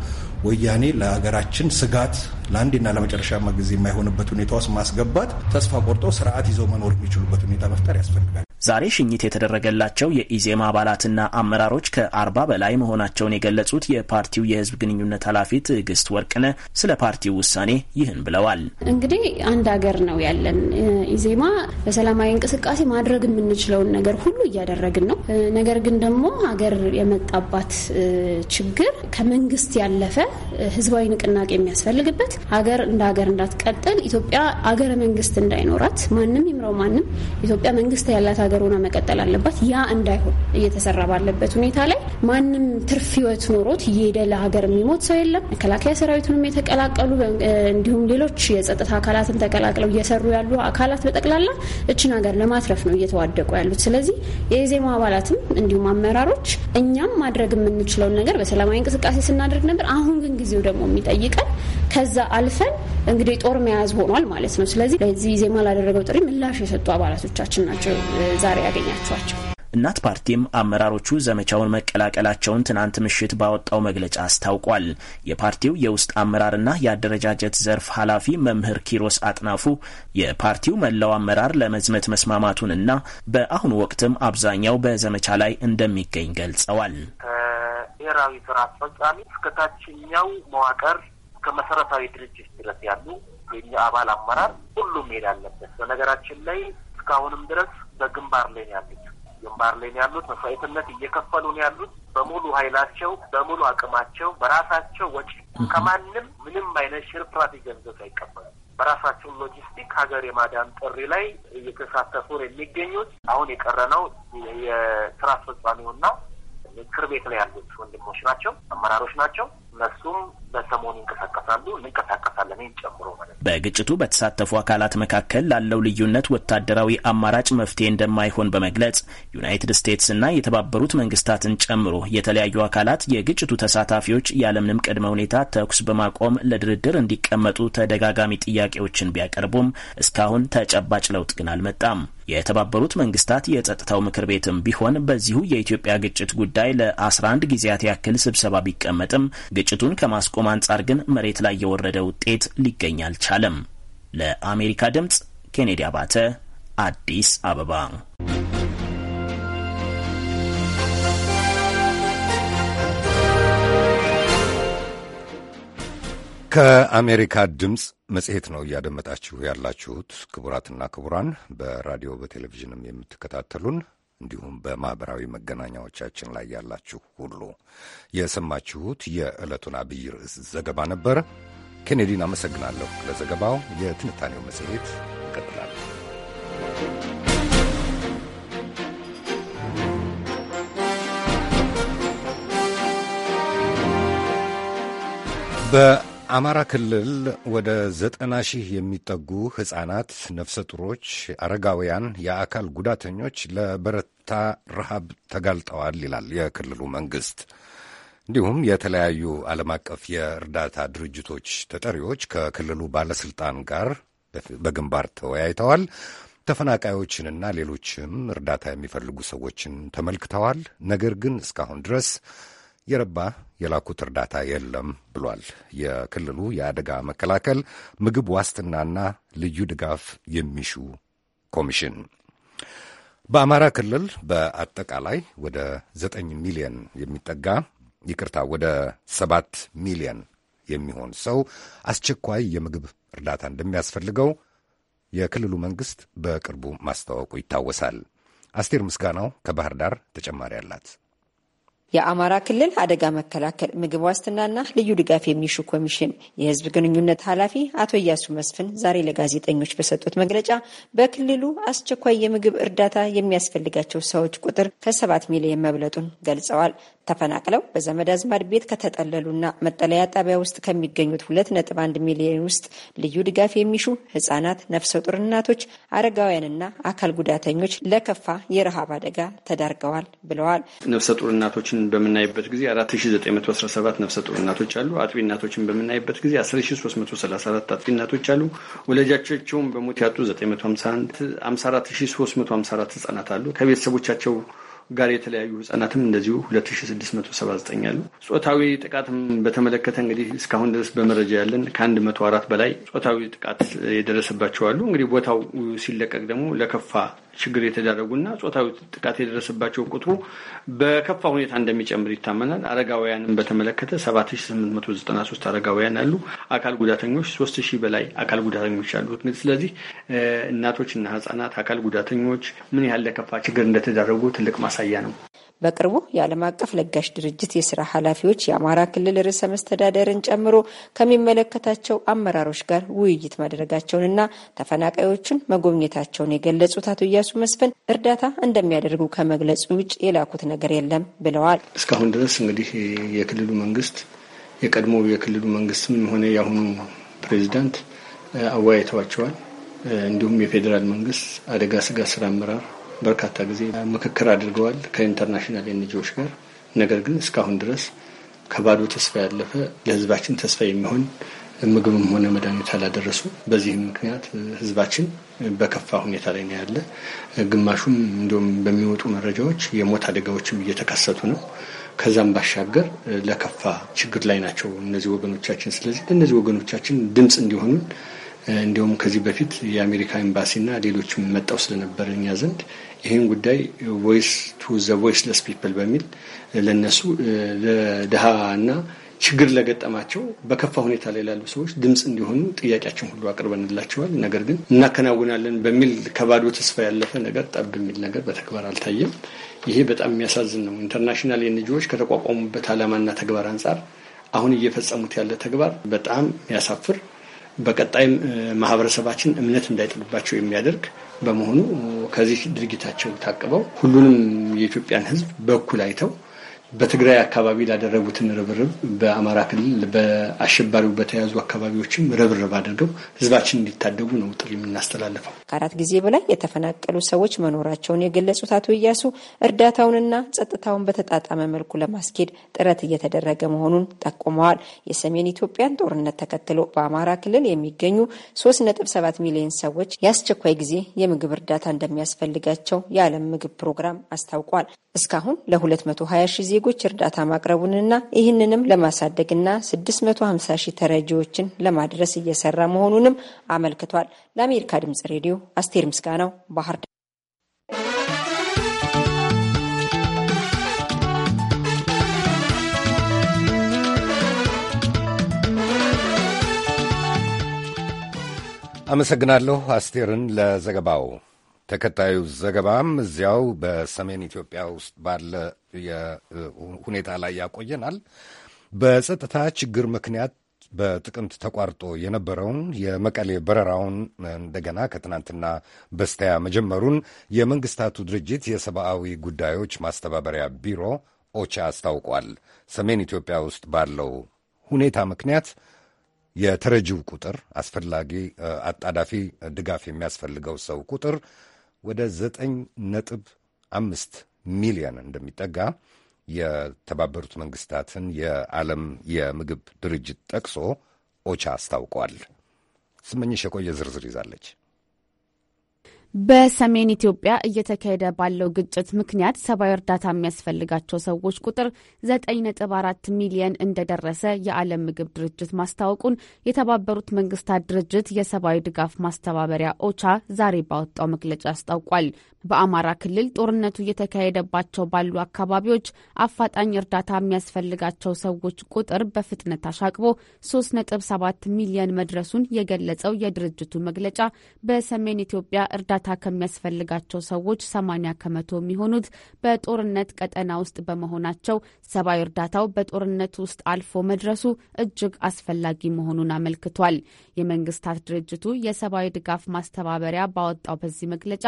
ወያኔ ለሀገራችን ስጋት ለአንዴና ለመጨረሻማ ጊዜ የማይሆንበት ሁኔታ ውስጥ ማስገባት ተስፋ ቆርጦ ስርዓት ይዘው መኖር የሚችሉበት ሁኔታ መፍጠር ያስፈልጋል። ዛሬ ሽኝት የተደረገላቸው የኢዜማ አባላትና አመራሮች ከአርባ በላይ መሆናቸውን የገለጹት የፓርቲው የህዝብ ግንኙነት ኃላፊ ትዕግስት ወርቅነ ስለ ፓርቲው ውሳኔ ይህን ብለዋል። እንግዲህ አንድ ሀገር ነው ያለን። ኢዜማ በሰላማዊ እንቅስቃሴ ማድረግ የምንችለውን ነገር ሁሉ እያደረግን ነው። ነገር ግን ደግሞ ሀገር የመጣባት ችግር ከመንግስት ያለፈ ህዝባዊ ንቅናቄ የሚያስፈልግበት ሀገር እንደ ሀገር እንዳትቀጥል ኢትዮጵያ ሀገረ መንግስት እንዳይኖራት ማንም ይምረው ማንም ኢትዮጵያ መንግስት ያላት ሀገር ሆና መቀጠል አለባት። ያ እንዳይሆን እየተሰራ ባለበት ሁኔታ ላይ ማንም ትርፍ ህይወት ኖሮት እየሄደ ለሀገር የሚሞት ሰው የለም። መከላከያ ሰራዊቱንም የተቀላቀሉ እንዲሁም ሌሎች የጸጥታ አካላትን ተቀላቅለው እየሰሩ ያሉ አካላት በጠቅላላ እችን ሀገር ለማትረፍ ነው እየተዋደቁ ያሉት። ስለዚህ የኢዜማ አባላትም እንዲሁም አመራሮች እኛም ማድረግ የምንችለውን ነገር በሰላማዊ እንቅስቃሴ ስናደርግ ነበር። አሁን ግን ጊዜው ደግሞ የሚጠይቀን ከዛ አልፈን እንግዲህ ጦር መያዝ ሆኗል ማለት ነው። ስለዚህ ለዚህ ዜማ ላደረገው ጥሪ ምላሽ የሰጡ አባላቶቻችን ናቸው ዛሬ ያገኛቸዋቸው። እናት ፓርቲም አመራሮቹ ዘመቻውን መቀላቀላቸውን ትናንት ምሽት ባወጣው መግለጫ አስታውቋል። የፓርቲው የውስጥ አመራርና የአደረጃጀት ዘርፍ ኃላፊ መምህር ኪሮስ አጥናፉ የፓርቲው መላው አመራር ለመዝመት መስማማቱንና በአሁኑ ወቅትም አብዛኛው በዘመቻ ላይ እንደሚገኝ ገልጸዋል። ብሔራዊ ስራ አስፈጻሚ እስከታችኛው መዋቅር ከመሰረታዊ ድርጅት ድረስ ያሉ የኛ አባል አመራር ሁሉም ሄድ አለበት። በነገራችን ላይ እስካሁንም ድረስ በግንባር ላይ ነው ያሉት ግንባር ላይ ያሉት። መስዋዕትነት እየከፈሉ ነው ያሉት በሙሉ ኃይላቸው በሙሉ አቅማቸው በራሳቸው ወጪ ከማንም ምንም አይነት ሽርፍራፊ ገንዘብ አይቀበሉ በራሳቸው ሎጂስቲክ ሀገር የማዳን ጥሪ ላይ እየተሳተፉ ነው የሚገኙት። አሁን የቀረነው የስራ አስፈጻሚውና ምክር ቤት ላይ ያሉት ወንድሞች ናቸው፣ አመራሮች ናቸው። እነሱም በሰሞኑ ይንቀሳቀሳሉ እንቀሳቀሳለን ይህን ጨምሮ ማለት ነው። በግጭቱ በተሳተፉ አካላት መካከል ላለው ልዩነት ወታደራዊ አማራጭ መፍትሄ እንደማይሆን በመግለጽ ዩናይትድ ስቴትስና የተባበሩት መንግስታትን ጨምሮ የተለያዩ አካላት የግጭቱ ተሳታፊዎች ያለምንም ቅድመ ሁኔታ ተኩስ በማቆም ለድርድር እንዲቀመጡ ተደጋጋሚ ጥያቄዎችን ቢያቀርቡም እስካሁን ተጨባጭ ለውጥ ግን አልመጣም። የተባበሩት መንግስታት የጸጥታው ምክር ቤትም ቢሆን በዚሁ የኢትዮጵያ ግጭት ጉዳይ ለ11 ጊዜያት ያክል ስብሰባ ቢቀመጥም ግጭቱን ከማስቆም አንጻር ግን መሬት ላይ የወረደ ውጤት ሊገኝ አልቻለም። ለአሜሪካ ድምፅ ኬኔዲ አባተ አዲስ አበባ ከአሜሪካ ድምፅ መጽሔት ነው እያደመጣችሁ ያላችሁት። ክቡራትና ክቡራን በራዲዮ በቴሌቪዥንም የምትከታተሉን እንዲሁም በማኅበራዊ መገናኛዎቻችን ላይ ያላችሁ ሁሉ የሰማችሁት የዕለቱን አብይ ርዕስ ዘገባ ነበር። ኬኔዲን አመሰግናለሁ ለዘገባው። የትንታኔው መጽሔት ይቀጥላል። በ አማራ ክልል ወደ ዘጠና ሺህ የሚጠጉ ሕፃናት፣ ነፍሰ ጡሮች፣ አረጋውያን፣ የአካል ጉዳተኞች ለበረታ ረሃብ ተጋልጠዋል ይላል የክልሉ መንግሥት። እንዲሁም የተለያዩ ዓለም አቀፍ የእርዳታ ድርጅቶች ተጠሪዎች ከክልሉ ባለሥልጣን ጋር በግንባር ተወያይተዋል። ተፈናቃዮችንና ሌሎችም እርዳታ የሚፈልጉ ሰዎችን ተመልክተዋል። ነገር ግን እስካሁን ድረስ የረባ የላኩት እርዳታ የለም ብሏል። የክልሉ የአደጋ መከላከል ምግብ ዋስትናና ልዩ ድጋፍ የሚሹ ኮሚሽን በአማራ ክልል በአጠቃላይ ወደ ዘጠኝ ሚሊዮን የሚጠጋ ይቅርታ፣ ወደ ሰባት ሚሊዮን የሚሆን ሰው አስቸኳይ የምግብ እርዳታ እንደሚያስፈልገው የክልሉ መንግስት በቅርቡ ማስታወቁ ይታወሳል። አስቴር ምስጋናው ከባህር ዳር ተጨማሪ አላት። የአማራ ክልል አደጋ መከላከል ምግብ ዋስትናና ልዩ ድጋፍ የሚሹ ኮሚሽን የህዝብ ግንኙነት ኃላፊ አቶ እያሱ መስፍን ዛሬ ለጋዜጠኞች በሰጡት መግለጫ በክልሉ አስቸኳይ የምግብ እርዳታ የሚያስፈልጋቸው ሰዎች ቁጥር ከሰባት ሚሊዮን መብለጡን ገልጸዋል። ተፈናቅለው በዘመድ አዝማድ ቤት ከተጠለሉና መጠለያ ጣቢያ ውስጥ ከሚገኙት ሁለት ነጥብ አንድ ሚሊዮን ውስጥ ልዩ ድጋፍ የሚሹ ህጻናት፣ ነፍሰ ጡር እናቶች፣ አረጋውያንና አካል ጉዳተኞች ለከፋ የረሃብ አደጋ ተዳርገዋል ብለዋል። ነፍሰ ጡር እናቶችን በምናይበት ጊዜ 4917 ነፍሰ ጡር እናቶች አሉ። አጥቢ እናቶችን በምናይበት ጊዜ 10334 አጥቢ እናቶች አሉ። ወላጆቻቸውን በሞት ያጡ 54354 ህጻናት አሉ። ከቤተሰቦቻቸው ጋር የተለያዩ ህጻናትም እንደዚሁ 2679 አሉ። ጾታዊ ጥቃትም በተመለከተ እንግዲህ እስካሁን ድረስ በመረጃ ያለን ከ መቶ በላይ ጾታዊ ጥቃት የደረሰባቸው አሉ። እንግዲህ ቦታው ሲለቀቅ ደግሞ ለከፋ ችግር የተዳረጉና ጾታዊ ጥቃት የደረሰባቸው ቁጥሩ በከፋ ሁኔታ እንደሚጨምር ይታመናል። አረጋውያንም በተመለከተ 7893 አረጋውያን አሉ። አካል ጉዳተኞች 3000 በላይ አካል ጉዳተኞች አሉ። ስለዚህ እናቶችና ህጻናት አካል ጉዳተኞች ምን ያህል ለከፋ ችግር እንደተዳረጉ ትልቅ ማሳያ ነው። በቅርቡ የዓለም አቀፍ ለጋሽ ድርጅት የስራ ኃላፊዎች የአማራ ክልል ርዕሰ መስተዳደርን ጨምሮ ከሚመለከታቸው አመራሮች ጋር ውይይት ማድረጋቸውንና ተፈናቃዮቹን መጎብኘታቸውን የገለጹት አቶ እያሱ መስፍን እርዳታ እንደሚያደርጉ ከመግለጹ ውጭ የላኩት ነገር የለም ብለዋል። እስካሁን ድረስ እንግዲህ የክልሉ መንግስት የቀድሞ የክልሉ መንግስትም ሆነ የአሁኑ ፕሬዚዳንት አወያይተዋቸዋል። እንዲሁም የፌዴራል መንግስት አደጋ ስጋት ስራ አመራር በርካታ ጊዜ ምክክር አድርገዋል ከኢንተርናሽናል ኤንጂዎች ጋር። ነገር ግን እስካሁን ድረስ ከባዶ ተስፋ ያለፈ ለህዝባችን ተስፋ የሚሆን ምግብም ሆነ መድኃኒት አላደረሱ። በዚህም ምክንያት ህዝባችን በከፋ ሁኔታ ላይ ነው ያለ። ግማሹም እንዲሁም በሚወጡ መረጃዎች የሞት አደጋዎችም እየተከሰቱ ነው። ከዛም ባሻገር ለከፋ ችግር ላይ ናቸው እነዚህ ወገኖቻችን። ስለዚህ ለእነዚህ ወገኖቻችን ድምፅ እንዲሆኑን እንዲሁም ከዚህ በፊት የአሜሪካ ኤምባሲና ሌሎችም መጣው ስለነበር እኛ ዘንድ ይህን ጉዳይ ቮይስ ቱ ዘ ለስ ፒፕል በሚል ለነሱ ለድሃ እና ችግር ለገጠማቸው በከፋ ሁኔታ ላይ ላሉ ሰዎች ድምፅ እንዲሆኑ ጥያቄያቸውን ሁሉ አቅርበንላቸዋል። ነገር ግን እናከናውናለን በሚል ከባዶ ተስፋ ያለፈ ነገር ጠብ የሚል ነገር በተግባር አልታየም። ይሄ በጣም የሚያሳዝን ነው። ኢንተርናሽናል የንጂዎች ከተቋቋሙበት ዓላማና ተግባር አንጻር አሁን እየፈጸሙት ያለ ተግባር በጣም የሚያሳፍር በቀጣይም ማህበረሰባችን እምነት እንዳይጥልባቸው የሚያደርግ በመሆኑ ከዚህ ድርጊታቸው ታቅበው ሁሉንም የኢትዮጵያን ሕዝብ በኩል አይተው በትግራይ አካባቢ ላደረጉትን ርብርብ በአማራ ክልል በአሸባሪው በተያዙ አካባቢዎችም ርብርብ አድርገው ህዝባችን እንዲታደጉ ነው ጥሪ የምናስተላልፈው። ከአራት ጊዜ በላይ የተፈናቀሉ ሰዎች መኖራቸውን የገለጹት አቶ እያሱ እርዳታውንና ጸጥታውን በተጣጣመ መልኩ ለማስኬድ ጥረት እየተደረገ መሆኑን ጠቁመዋል። የሰሜን ኢትዮጵያን ጦርነት ተከትሎ በአማራ ክልል የሚገኙ 3.7 ሚሊዮን ሰዎች የአስቸኳይ ጊዜ የምግብ እርዳታ እንደሚያስፈልጋቸው የዓለም ምግብ ፕሮግራም አስታውቋል። እስካሁን ለ220 ሺህ ዜጎች እርዳታ ማቅረቡንና ይህንንም ለማሳደግና 650 ሺህ ተረጂዎችን ለማድረስ እየሰራ መሆኑንም አመልክቷል። ለአሜሪካ ድምጽ ሬዲዮ አስቴር ምስጋናው ባህር ዳር። አመሰግናለሁ አስቴርን ለዘገባው። ተከታዩ ዘገባም እዚያው በሰሜን ኢትዮጵያ ውስጥ ባለ ሁኔታ ላይ ያቆየናል። በጸጥታ ችግር ምክንያት በጥቅምት ተቋርጦ የነበረውን የመቀሌ በረራውን እንደገና ከትናንትና በስቲያ መጀመሩን የመንግስታቱ ድርጅት የሰብአዊ ጉዳዮች ማስተባበሪያ ቢሮ ኦቻ አስታውቋል። ሰሜን ኢትዮጵያ ውስጥ ባለው ሁኔታ ምክንያት የተረጂው ቁጥር አስፈላጊ አጣዳፊ ድጋፍ የሚያስፈልገው ሰው ቁጥር ወደ ዘጠኝ ነጥብ አምስት ሚሊዮን እንደሚጠጋ የተባበሩት መንግስታትን የዓለም የምግብ ድርጅት ጠቅሶ ኦቻ አስታውቋል። ስመኝሽ የቆየ ዝርዝር ይዛለች። በሰሜን ኢትዮጵያ እየተካሄደ ባለው ግጭት ምክንያት ሰብአዊ እርዳታ የሚያስፈልጋቸው ሰዎች ቁጥር 9.4 ሚሊየን እንደደረሰ የዓለም ምግብ ድርጅት ማስታወቁን የተባበሩት መንግስታት ድርጅት የሰብአዊ ድጋፍ ማስተባበሪያ ኦቻ ዛሬ ባወጣው መግለጫ አስታውቋል። በአማራ ክልል ጦርነቱ እየተካሄደባቸው ባሉ አካባቢዎች አፋጣኝ እርዳታ የሚያስፈልጋቸው ሰዎች ቁጥር በፍጥነት አሻቅቦ 3.7 ሚሊየን መድረሱን የገለጸው የድርጅቱ መግለጫ በሰሜን ኢትዮጵያ እርዳታ እርዳታ ከሚያስፈልጋቸው ሰዎች 80 ከመቶ የሚሆኑት በጦርነት ቀጠና ውስጥ በመሆናቸው ሰብአዊ እርዳታው በጦርነት ውስጥ አልፎ መድረሱ እጅግ አስፈላጊ መሆኑን አመልክቷል። የመንግስታት ድርጅቱ የሰብአዊ ድጋፍ ማስተባበሪያ ባወጣው በዚህ መግለጫ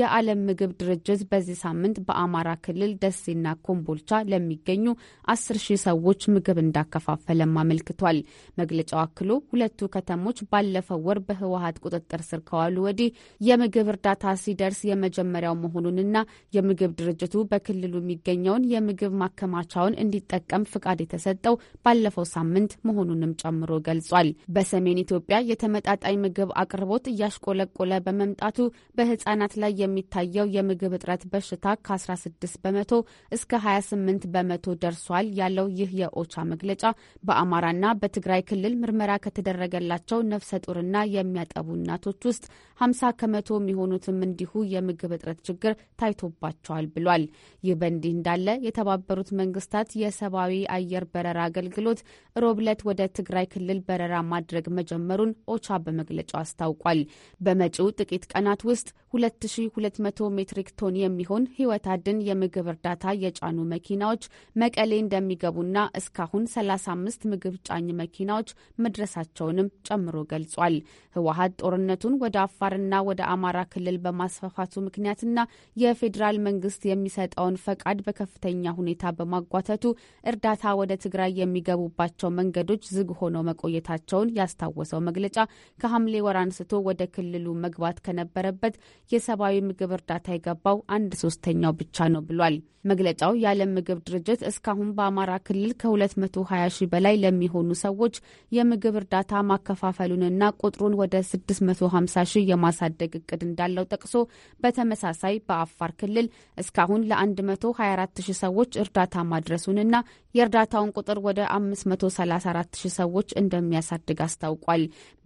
የዓለም ምግብ ድርጅት በዚህ ሳምንት በአማራ ክልል ደሴና ኮምቦልቻ ለሚገኙ አስር ሺህ ሰዎች ምግብ እንዳከፋፈለም አመልክቷል። መግለጫው አክሎ ሁለቱ ከተሞች ባለፈው ወር በህወሀት ቁጥጥር ስር ከዋሉ ወዲህ የምግብ እርዳታ ሲደርስ የመጀመሪያው መሆኑንና የምግብ ድርጅቱ በክልሉ የሚገኘውን የምግብ ማከማቻውን እንዲጠቀም ፍቃድ የተሰጠው ባለፈው ሳምንት መሆኑንም ጨምሮ ገልጿል። በሰሜን ኢትዮጵያ የተመጣጣኝ ምግብ አቅርቦት እያሽቆለቆለ በመምጣቱ በህጻናት ላይ የሚታየው የምግብ እጥረት በሽታ ከ16 በመቶ እስከ 28 በመቶ ደርሷል ያለው ይህ የኦቻ መግለጫ በአማራና በትግራይ ክልል ምርመራ ከተደረገላቸው ነፍሰ ጡርና የሚያጠቡ እናቶች ውስጥ 50 ከመቶ የሚሆኑ የሆኑትም እንዲሁ የምግብ እጥረት ችግር ታይቶባቸዋል ብሏል። ይህ በእንዲህ እንዳለ የተባበሩት መንግስታት የሰብአዊ አየር በረራ አገልግሎት ሮብለት ወደ ትግራይ ክልል በረራ ማድረግ መጀመሩን ኦቻ በመግለጫው አስታውቋል። በመጪው ጥቂት ቀናት ውስጥ 2200 ሜትሪክ ቶን የሚሆን ህይወት አድን የምግብ እርዳታ የጫኑ መኪናዎች መቀሌ እንደሚገቡና እስካሁን 35 ምግብ ጫኝ መኪናዎች መድረሳቸውንም ጨምሮ ገልጿል። ህወሀት ጦርነቱን ወደ አፋርና ወደ አማራ ክልል በማስፋፋቱ ምክንያትና የፌዴራል መንግስት የሚሰጠውን ፈቃድ በከፍተኛ ሁኔታ በማጓተቱ እርዳታ ወደ ትግራይ የሚገቡባቸው መንገዶች ዝግ ሆነው መቆየታቸውን ያስታወሰው መግለጫ ከሐምሌ ወር አንስቶ ወደ ክልሉ መግባት ከነበረበት የሰብአዊ ምግብ እርዳታ የገባው አንድ ሶስተኛው ብቻ ነው ብሏል። መግለጫው የዓለም ምግብ ድርጅት እስካሁን በአማራ ክልል ከ220 ሺህ በላይ ለሚሆኑ ሰዎች የምግብ እርዳታ ማከፋፈሉንና ቁጥሩን ወደ 650 ሺህ የማሳደግ እቅድ እንዳለው ጠቅሶ በተመሳሳይ በአፋር ክልል እስካሁን ለ124 ሺህ ሰዎች እርዳታ ማድረሱንና የእርዳታውን ቁጥር ወደ 534 ሺህ ሰዎች እንደሚያሳድግ አስታውቋል።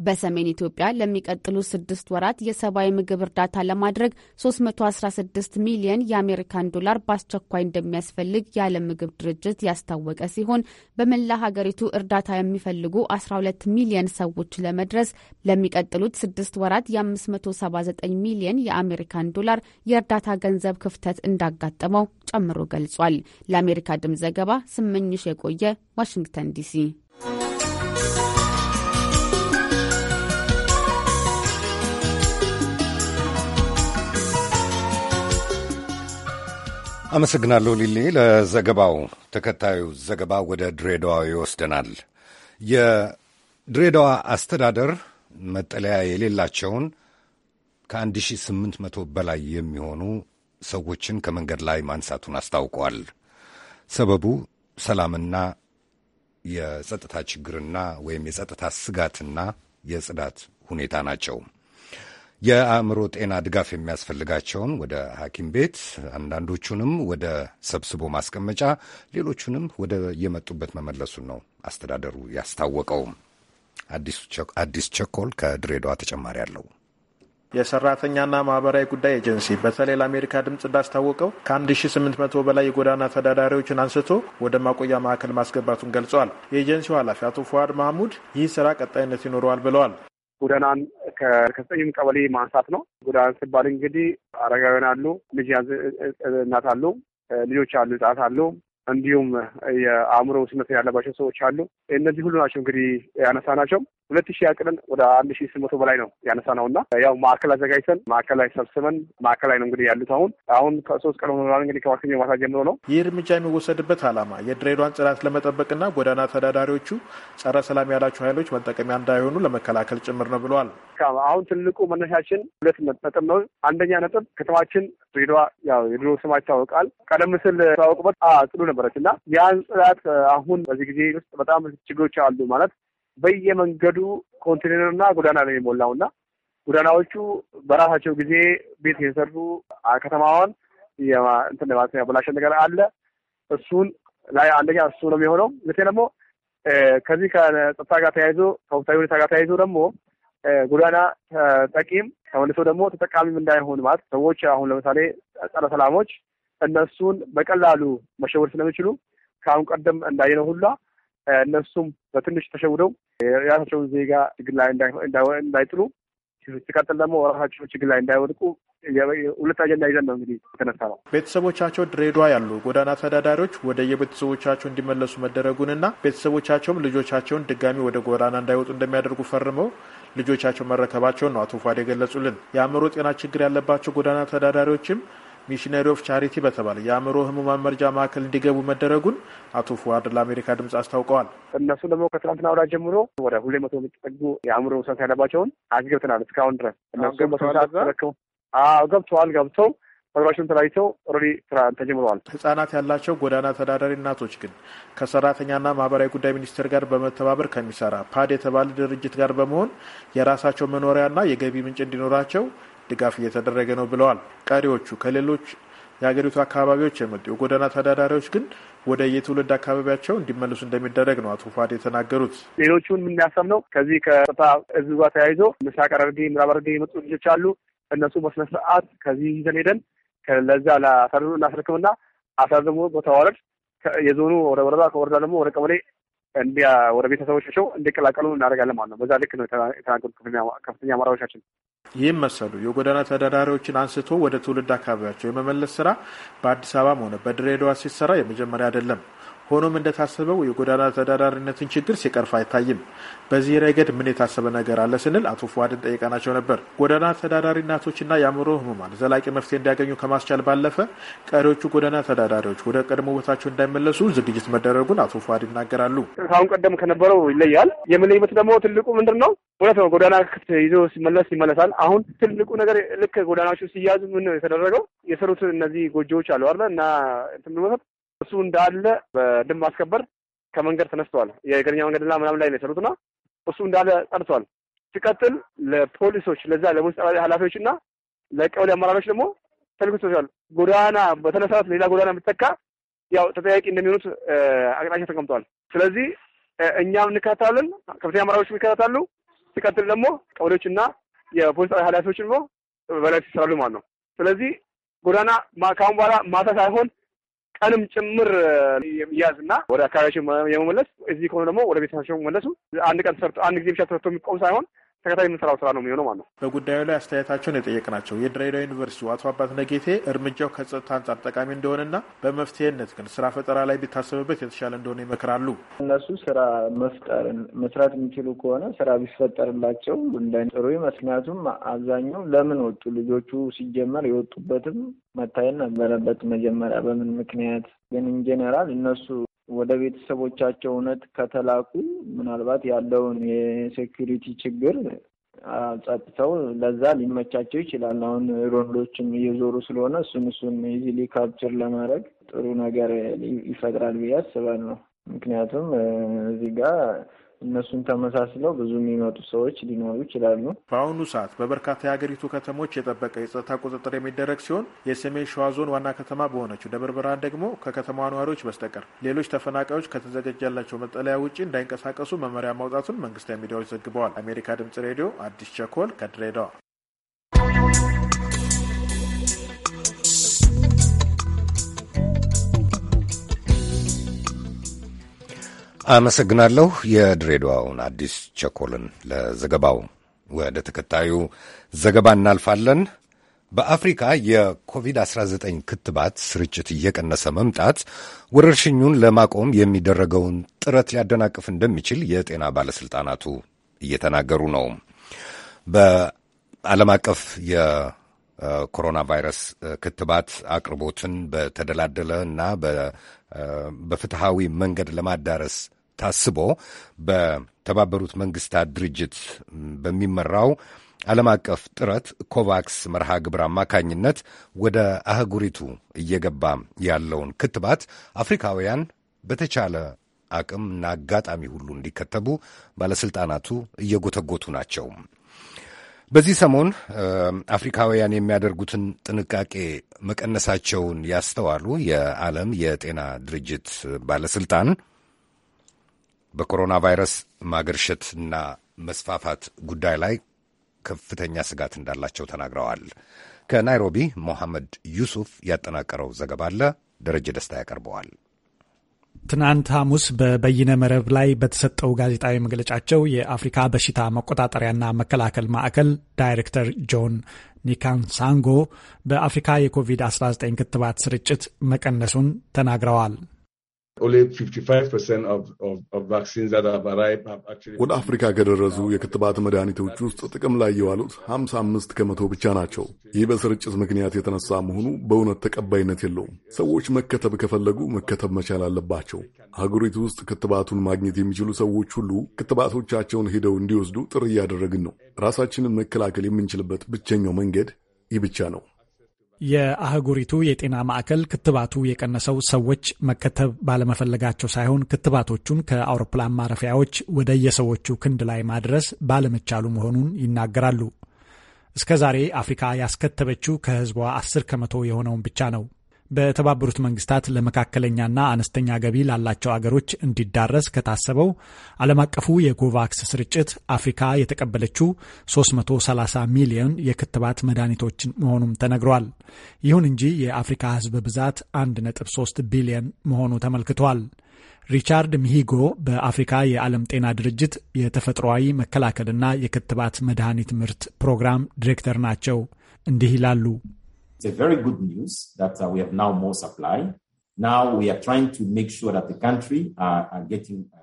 በሰሜን ኢትዮጵያ ለሚቀጥሉ ስድስት ወራት የሰብአዊ ምግብ እርዳታ ለማድረግ 316 ሚሊየን የአሜሪካን ዶላር በአስቸኳይ እንደሚያስፈልግ የዓለም ምግብ ድርጅት ያስታወቀ ሲሆን በመላ ሀገሪቱ እርዳታ የሚፈልጉ 12 ሚሊየን ሰዎች ለመድረስ ለሚቀጥሉት ስድስት ወራት የ579 ሚሊየን የአሜሪካን ዶላር የእርዳታ ገንዘብ ክፍተት እንዳጋጠመው ጨምሮ ገልጿል። ለአሜሪካ ድምፅ ዘገባ ስመኝሽ የቆየ ዋሽንግተን ዲሲ። አመሰግናለሁ ሊሊ ለዘገባው። ተከታዩ ዘገባ ወደ ድሬዳዋ ይወስደናል። የድሬዳዋ አስተዳደር መጠለያ የሌላቸውን ከ1800 በላይ የሚሆኑ ሰዎችን ከመንገድ ላይ ማንሳቱን አስታውቋል። ሰበቡ ሰላምና የጸጥታ ችግርና ወይም የጸጥታ ስጋትና የጽዳት ሁኔታ ናቸው። የአእምሮ ጤና ድጋፍ የሚያስፈልጋቸውን ወደ ሐኪም ቤት አንዳንዶቹንም ወደ ሰብስቦ ማስቀመጫ ሌሎቹንም ወደ የመጡበት መመለሱን ነው አስተዳደሩ ያስታወቀው። አዲስ ቸኮል ከድሬዳዋ ተጨማሪ አለው። የሰራተኛና ማህበራዊ ጉዳይ ኤጀንሲ በተለይ ለአሜሪካ ድምፅ እንዳስታወቀው ከ1800 በላይ የጎዳና ተዳዳሪዎችን አንስቶ ወደ ማቆያ ማዕከል ማስገባቱን ገልጸዋል። የኤጀንሲው ኃላፊ አቶ ፉአድ ማህሙድ ይህ ስራ ቀጣይነት ይኖረዋል ብለዋል። ጎዳናን ከዘጠኝም ቀበሌ ማንሳት ነው። ጎዳና ሲባል እንግዲህ አረጋውያን አሉ፣ ልጅ እናት አሉ፣ ልጆች አሉ፣ ህጻናት አሉ፣ እንዲሁም የአእምሮ ውስንነት ያለባቸው ሰዎች አሉ። እነዚህ ሁሉ ናቸው እንግዲህ ያነሳ ናቸው። ሁለት ሺህ አቅልን ወደ አንድ ሺህ ስምንት መቶ በላይ ነው ያነሳ ነው እና ያው ማዕከል አዘጋጅተን ማዕከል ላይ ሰብስበን ማዕከል ላይ ነው እንግዲህ ያሉት አሁን አሁን ከሶስት ቀን ሆኖናል እንግዲህ ከማክሰኞ ማታ ጀምሮ ነው ይህ እርምጃ የሚወሰድበት ዓላማ የድሬዳዋን ጽዳት ለመጠበቅና ጎዳና ተዳዳሪዎቹ ጸረ ሰላም ያላቸው ኃይሎች መጠቀሚያ እንዳይሆኑ ለመከላከል ጭምር ነው ብለዋል። አሁን ትልቁ መነሻችን ሁለት ነጥብ ነው። አንደኛ ነጥብ ከተማችን ድሬዳዋ ያው የድሮ ስማ ይታወቃል። ቀደም ስል ታወቅበት ጽዱ ነበረች እና ያን ጽዳት አሁን በዚህ ጊዜ ውስጥ በጣም ችግሮች አሉ ማለት በየመንገዱ ኮንቴነርና ጎዳና ነው የሞላው እና ጎዳናዎቹ በራሳቸው ጊዜ ቤት የሰሩ ከተማዋን እንትን ያበላሸን ነገር አለ። እሱን ላይ አንደኛ እሱ ነው የሚሆነው። ሁለተኛ ደግሞ ከዚህ ከጸጥታ ጋር ተያይዞ ከወቅታዊ ሁኔታ ጋር ተያይዞ ደግሞ ጎዳና ተጠቂም ተመልሶ ደግሞ ተጠቃሚም እንዳይሆን ማለት ሰዎች አሁን ለምሳሌ ጸረ ሰላሞች እነሱን በቀላሉ መሸወድ ስለሚችሉ ከአሁን ቀደም እንዳየነው ሁላ እነሱም በትንሽ ተሸውደው የራሳቸውን ዜጋ ችግር ላይ እንዳይጥሉ ሲቀጥል ደግሞ ራሳቸው ችግር ላይ እንዳይወድቁ ሁለት አጀንዳ ይዘን ነው እንግዲህ የተነሳ ነው። ቤተሰቦቻቸው ድሬዷ ያሉ ጎዳና ተዳዳሪዎች ወደ የቤተሰቦቻቸው እንዲመለሱ መደረጉንና ቤተሰቦቻቸውም ልጆቻቸውን ድጋሚ ወደ ጎዳና እንዳይወጡ እንደሚያደርጉ ፈርመው ልጆቻቸው መረከባቸውን ነው አቶ ፏድ የገለጹልን። የአእምሮ ጤና ችግር ያለባቸው ጎዳና ተዳዳሪዎችም ሚሽነሪ ኦፍ ቻሪቲ በተባለ የአእምሮ ህሙማን መርጃ ማዕከል እንዲገቡ መደረጉን አቶ ፉዋድ ለአሜሪካ ድምጽ አስታውቀዋል። እነሱ ደግሞ ከትናንትና ወዳ ጀምሮ ወደ ሁሌ መቶ የሚጠጉ የአእምሮ ሰት ያለባቸውን አስገብተናል። እስካሁን ድረስ እነሱ ገብተዋል ገብተው ሀገራችን ተለያይተው ኦልሬዲ ስራ ተጀምረዋል። ህጻናት ያላቸው ጎዳና ተዳዳሪ እናቶች ግን ከሰራተኛና ማህበራዊ ጉዳይ ሚኒስቴር ጋር በመተባበር ከሚሰራ ፓድ የተባለ ድርጅት ጋር በመሆን የራሳቸው መኖሪያና የገቢ ምንጭ እንዲኖራቸው ድጋፍ እየተደረገ ነው ብለዋል። ቀሪዎቹ ከሌሎች የሀገሪቱ አካባቢዎች የመጡ የጎዳና ተዳዳሪዎች ግን ወደ የትውልድ አካባቢያቸው እንዲመለሱ እንደሚደረግ ነው አቶ ፋድ የተናገሩት። ሌሎቹን የምናሰምነው ከዚህ ከጸጥታ እዝ ጋር ተያይዞ ምስራቅ ሐረርጌ፣ ምዕራብ ሐረርጌ የመጡ ልጆች አሉ። እነሱ በስነ ስርዓት ከዚህ ይዘን ሄደን ለዛ ለአሳ እናስረክብና አሳ ደግሞ ቦታ ወረድ የዞኑ ወደ ወረዳ ከወረዳ ደግሞ ወደ ቀበሌ እንዲያ ወደ ቤተሰቦቻቸው እንዲቀላቀሉ እናደርጋለን ማለት ነው። በዛ ልክ ነው የተናገሩት ከፍተኛ አመራሮቻችን። ይህም መሰሉ የጎዳና ተዳዳሪዎችን አንስቶ ወደ ትውልድ አካባቢያቸው የመመለስ ስራ በአዲስ አበባም ሆነ በድሬዳዋ ሲሰራ የመጀመሪያ አይደለም። ሆኖም እንደታሰበው የጎዳና ተዳዳሪነትን ችግር ሲቀርፍ አይታይም። በዚህ ረገድ ምን የታሰበ ነገር አለ ስንል አቶ ፉዋድን ጠይቀናቸው ነበር። ጎዳና ተዳዳሪ እናቶችና የአእምሮ ህሙማን ዘላቂ መፍትሄ እንዲያገኙ ከማስቻል ባለፈ ቀሪዎቹ ጎዳና ተዳዳሪዎች ወደ ቀድሞ ቦታቸው እንዳይመለሱ ዝግጅት መደረጉን አቶ ፍዋድ ይናገራሉ። ከአሁን ቀደም ከነበረው ይለያል። የምለይበት ደግሞ ትልቁ ምንድን ነው? እውነት ነው። ጎዳና ክፍት ይዞ ሲመለስ ይመለሳል። አሁን ትልቁ ነገር ልክ ጎዳናዎቹ ሲያዙ ምን ነው የተደረገው የሰሩት እነዚህ ጎጆዎች አሉ አለ እና እንትን እሱ እንዳለ በደንብ ማስከበር ከመንገድ ተነስተዋል። የእግረኛ መንገድና ምናምን ላይ ነው የሰሩትና እሱ እንዳለ ጠርቷል። ሲቀጥል ለፖሊሶች ለዛ ለፖሊስ ኃላፊዎች እና ለቀበሌ አመራሮች ደግሞ ተልክቶሻል። ጎዳና በተነሳት ሌላ ጎዳና የሚተካ ያው ተጠያቂ እንደሚሆኑት አቅጣጫ ተቀምጧል። ስለዚህ እኛም እንከታታለን፣ ከፍተኛ አመራሮች ይከታታሉ። ሲቀጥል ደግሞ ቀበሌዎች እና የፖሊስ ኃላፊዎች ደግሞ በላይ ይሰራሉ ማለት ነው። ስለዚህ ጎዳና ከአሁን በኋላ ማታ ሳይሆን ቀንም ጭምር የሚያዝና ወደ አካባቢያቸው የመመለስ እዚህ ከሆኑ ደግሞ ወደ ቤተሰባቸው መመለሱ አንድ ቀን ሰርቶ አንድ ጊዜ ብቻ ሰርቶ የሚቆም ሳይሆን ተከታይ የምንሰራው ስራ ነው የሚሆነው ማለት ነው። በጉዳዩ ላይ አስተያየታቸውን የጠየቅናቸው የድሬዳዋ ዩኒቨርሲቲው አቶ አባት ነጌቴ እርምጃው ከጸጥታ አንጻር ጠቃሚ እንደሆነና በመፍትሄነት ግን ስራ ፈጠራ ላይ ቢታሰብበት የተሻለ እንደሆነ ይመክራሉ። እነሱ ስራ መፍጠርን መስራት የሚችሉ ከሆነ ስራ ቢፈጠርላቸው እንደ ጥሩ ምክንያቱም አብዛኛው ለምን ወጡ ልጆቹ ሲጀመር የወጡበትም መታየት ነበረበት መጀመሪያ በምን ምክንያት ግን ኢንጀነራል እነሱ ወደ ቤተሰቦቻቸው እውነት ከተላኩ ምናልባት ያለውን የሴኩሪቲ ችግር ጸጥተው ለዛ ሊመቻቸው ይችላል። አሁን ሮንዶችም እየዞሩ ስለሆነ እሱን እሱን ኢዚሊ ካፕቸር ለማድረግ ጥሩ ነገር ይፈጥራል ብዬ አስባለሁ። ምክንያቱም እዚህ ጋር እነሱን ተመሳስለው ብዙ የሚመጡ ሰዎች ሊኖሩ ይችላሉ። በአሁኑ ሰዓት በበርካታ የሀገሪቱ ከተሞች የጠበቀ የጸጥታ ቁጥጥር የሚደረግ ሲሆን የሰሜን ሸዋ ዞን ዋና ከተማ በሆነችው ደብረ ብርሃን ደግሞ ከከተማዋ ነዋሪዎች በስተቀር ሌሎች ተፈናቃዮች ከተዘጋጀላቸው መጠለያ ውጭ እንዳይንቀሳቀሱ መመሪያ ማውጣቱን መንግስታዊ ሚዲያዎች ዘግበዋል። አሜሪካ ድምጽ ሬዲዮ አዲስ ቸኮል ከድሬዳዋ አመሰግናለሁ የድሬዳዋውን አዲስ ቸኮልን ለዘገባው። ወደ ተከታዩ ዘገባ እናልፋለን። በአፍሪካ የኮቪድ-19 ክትባት ስርጭት እየቀነሰ መምጣት ወረርሽኙን ለማቆም የሚደረገውን ጥረት ሊያደናቅፍ እንደሚችል የጤና ባለሥልጣናቱ እየተናገሩ ነው። በዓለም አቀፍ ኮሮና ቫይረስ ክትባት አቅርቦትን በተደላደለ እና በፍትሐዊ መንገድ ለማዳረስ ታስቦ በተባበሩት መንግስታት ድርጅት በሚመራው ዓለም አቀፍ ጥረት ኮቫክስ መርሃ ግብር አማካኝነት ወደ አህጉሪቱ እየገባ ያለውን ክትባት አፍሪካውያን በተቻለ አቅም እና አጋጣሚ ሁሉ እንዲከተቡ ባለሥልጣናቱ እየጎተጎቱ ናቸው። በዚህ ሰሞን አፍሪካውያን የሚያደርጉትን ጥንቃቄ መቀነሳቸውን ያስተዋሉ የዓለም የጤና ድርጅት ባለስልጣን በኮሮና ቫይረስ ማገርሸትና መስፋፋት ጉዳይ ላይ ከፍተኛ ስጋት እንዳላቸው ተናግረዋል። ከናይሮቢ ሞሐመድ ዩሱፍ ያጠናቀረው ዘገባ አለ። ደረጀ ደስታ ያቀርበዋል። ትናንት ሐሙስ በበይነ መረብ ላይ በተሰጠው ጋዜጣዊ መግለጫቸው የአፍሪካ በሽታ መቆጣጠሪያና መከላከል ማዕከል ዳይሬክተር ጆን ኒካንሳንጎ በአፍሪካ የኮቪድ-19 ክትባት ስርጭት መቀነሱን ተናግረዋል። ወደ አፍሪካ ከደረሱ የክትባት መድኃኒቶች ውስጥ ጥቅም ላይ የዋሉት 55 ከመቶ ብቻ ናቸው። ይህ በስርጭት ምክንያት የተነሳ መሆኑ በእውነት ተቀባይነት የለውም። ሰዎች መከተብ ከፈለጉ መከተብ መቻል አለባቸው። አህጉሪቱ ውስጥ ክትባቱን ማግኘት የሚችሉ ሰዎች ሁሉ ክትባቶቻቸውን ሄደው እንዲወስዱ ጥሪ እያደረግን ነው። ራሳችንን መከላከል የምንችልበት ብቸኛው መንገድ ይህ ብቻ ነው። የአህጉሪቱ የጤና ማዕከል ክትባቱ የቀነሰው ሰዎች መከተብ ባለመፈለጋቸው ሳይሆን ክትባቶቹን ከአውሮፕላን ማረፊያዎች ወደ የሰዎቹ ክንድ ላይ ማድረስ ባለመቻሉ መሆኑን ይናገራሉ። እስከ ዛሬ አፍሪካ ያስከተበችው ከህዝቧ 10 ከመቶ የሆነውን ብቻ ነው። በተባበሩት መንግስታት ለመካከለኛና አነስተኛ ገቢ ላላቸው አገሮች እንዲዳረስ ከታሰበው ዓለም አቀፉ የኮቫክስ ስርጭት አፍሪካ የተቀበለችው 330 ሚሊዮን የክትባት መድኃኒቶች መሆኑም ተነግሯል። ይሁን እንጂ የአፍሪካ ሕዝብ ብዛት 1.3 ቢሊዮን መሆኑ ተመልክቷል። ሪቻርድ ሚሂጎ በአፍሪካ የዓለም ጤና ድርጅት የተፈጥሮዊ መከላከልና የክትባት መድኃኒት ምርት ፕሮግራም ዲሬክተር ናቸው። እንዲህ ይላሉ። It's a very good news that uh, we have now more supply.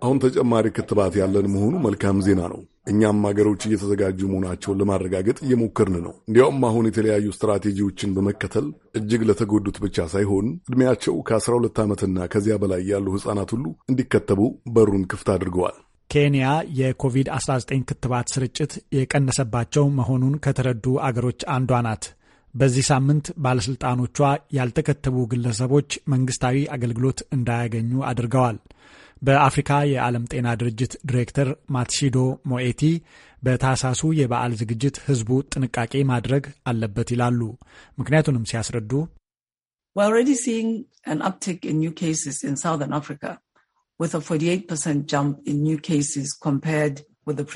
አሁን ተጨማሪ ክትባት ያለን መሆኑ መልካም ዜና ነው። እኛም ሀገሮች እየተዘጋጁ መሆናቸውን ለማረጋገጥ እየሞከርን ነው። እንዲያውም አሁን የተለያዩ ስትራቴጂዎችን በመከተል እጅግ ለተጎዱት ብቻ ሳይሆን እድሜያቸው ከ12 ዓመትና ከዚያ በላይ ያሉ ሕፃናት ሁሉ እንዲከተቡ በሩን ክፍት አድርገዋል። ኬንያ የኮቪድ-19 ክትባት ስርጭት የቀነሰባቸው መሆኑን ከተረዱ አገሮች አንዷ ናት። በዚህ ሳምንት ባለሥልጣኖቿ ያልተከተቡ ግለሰቦች መንግሥታዊ አገልግሎት እንዳያገኙ አድርገዋል። በአፍሪካ የዓለም ጤና ድርጅት ዲሬክተር ማትሺዶ ሞኤቲ በታሳሱ የበዓል ዝግጅት ሕዝቡ ጥንቃቄ ማድረግ አለበት ይላሉ። ምክንያቱንም ሲያስረዱ We're already seeing an uptick in new cases in Southern Africa, with a 48% jump in new cases compared with the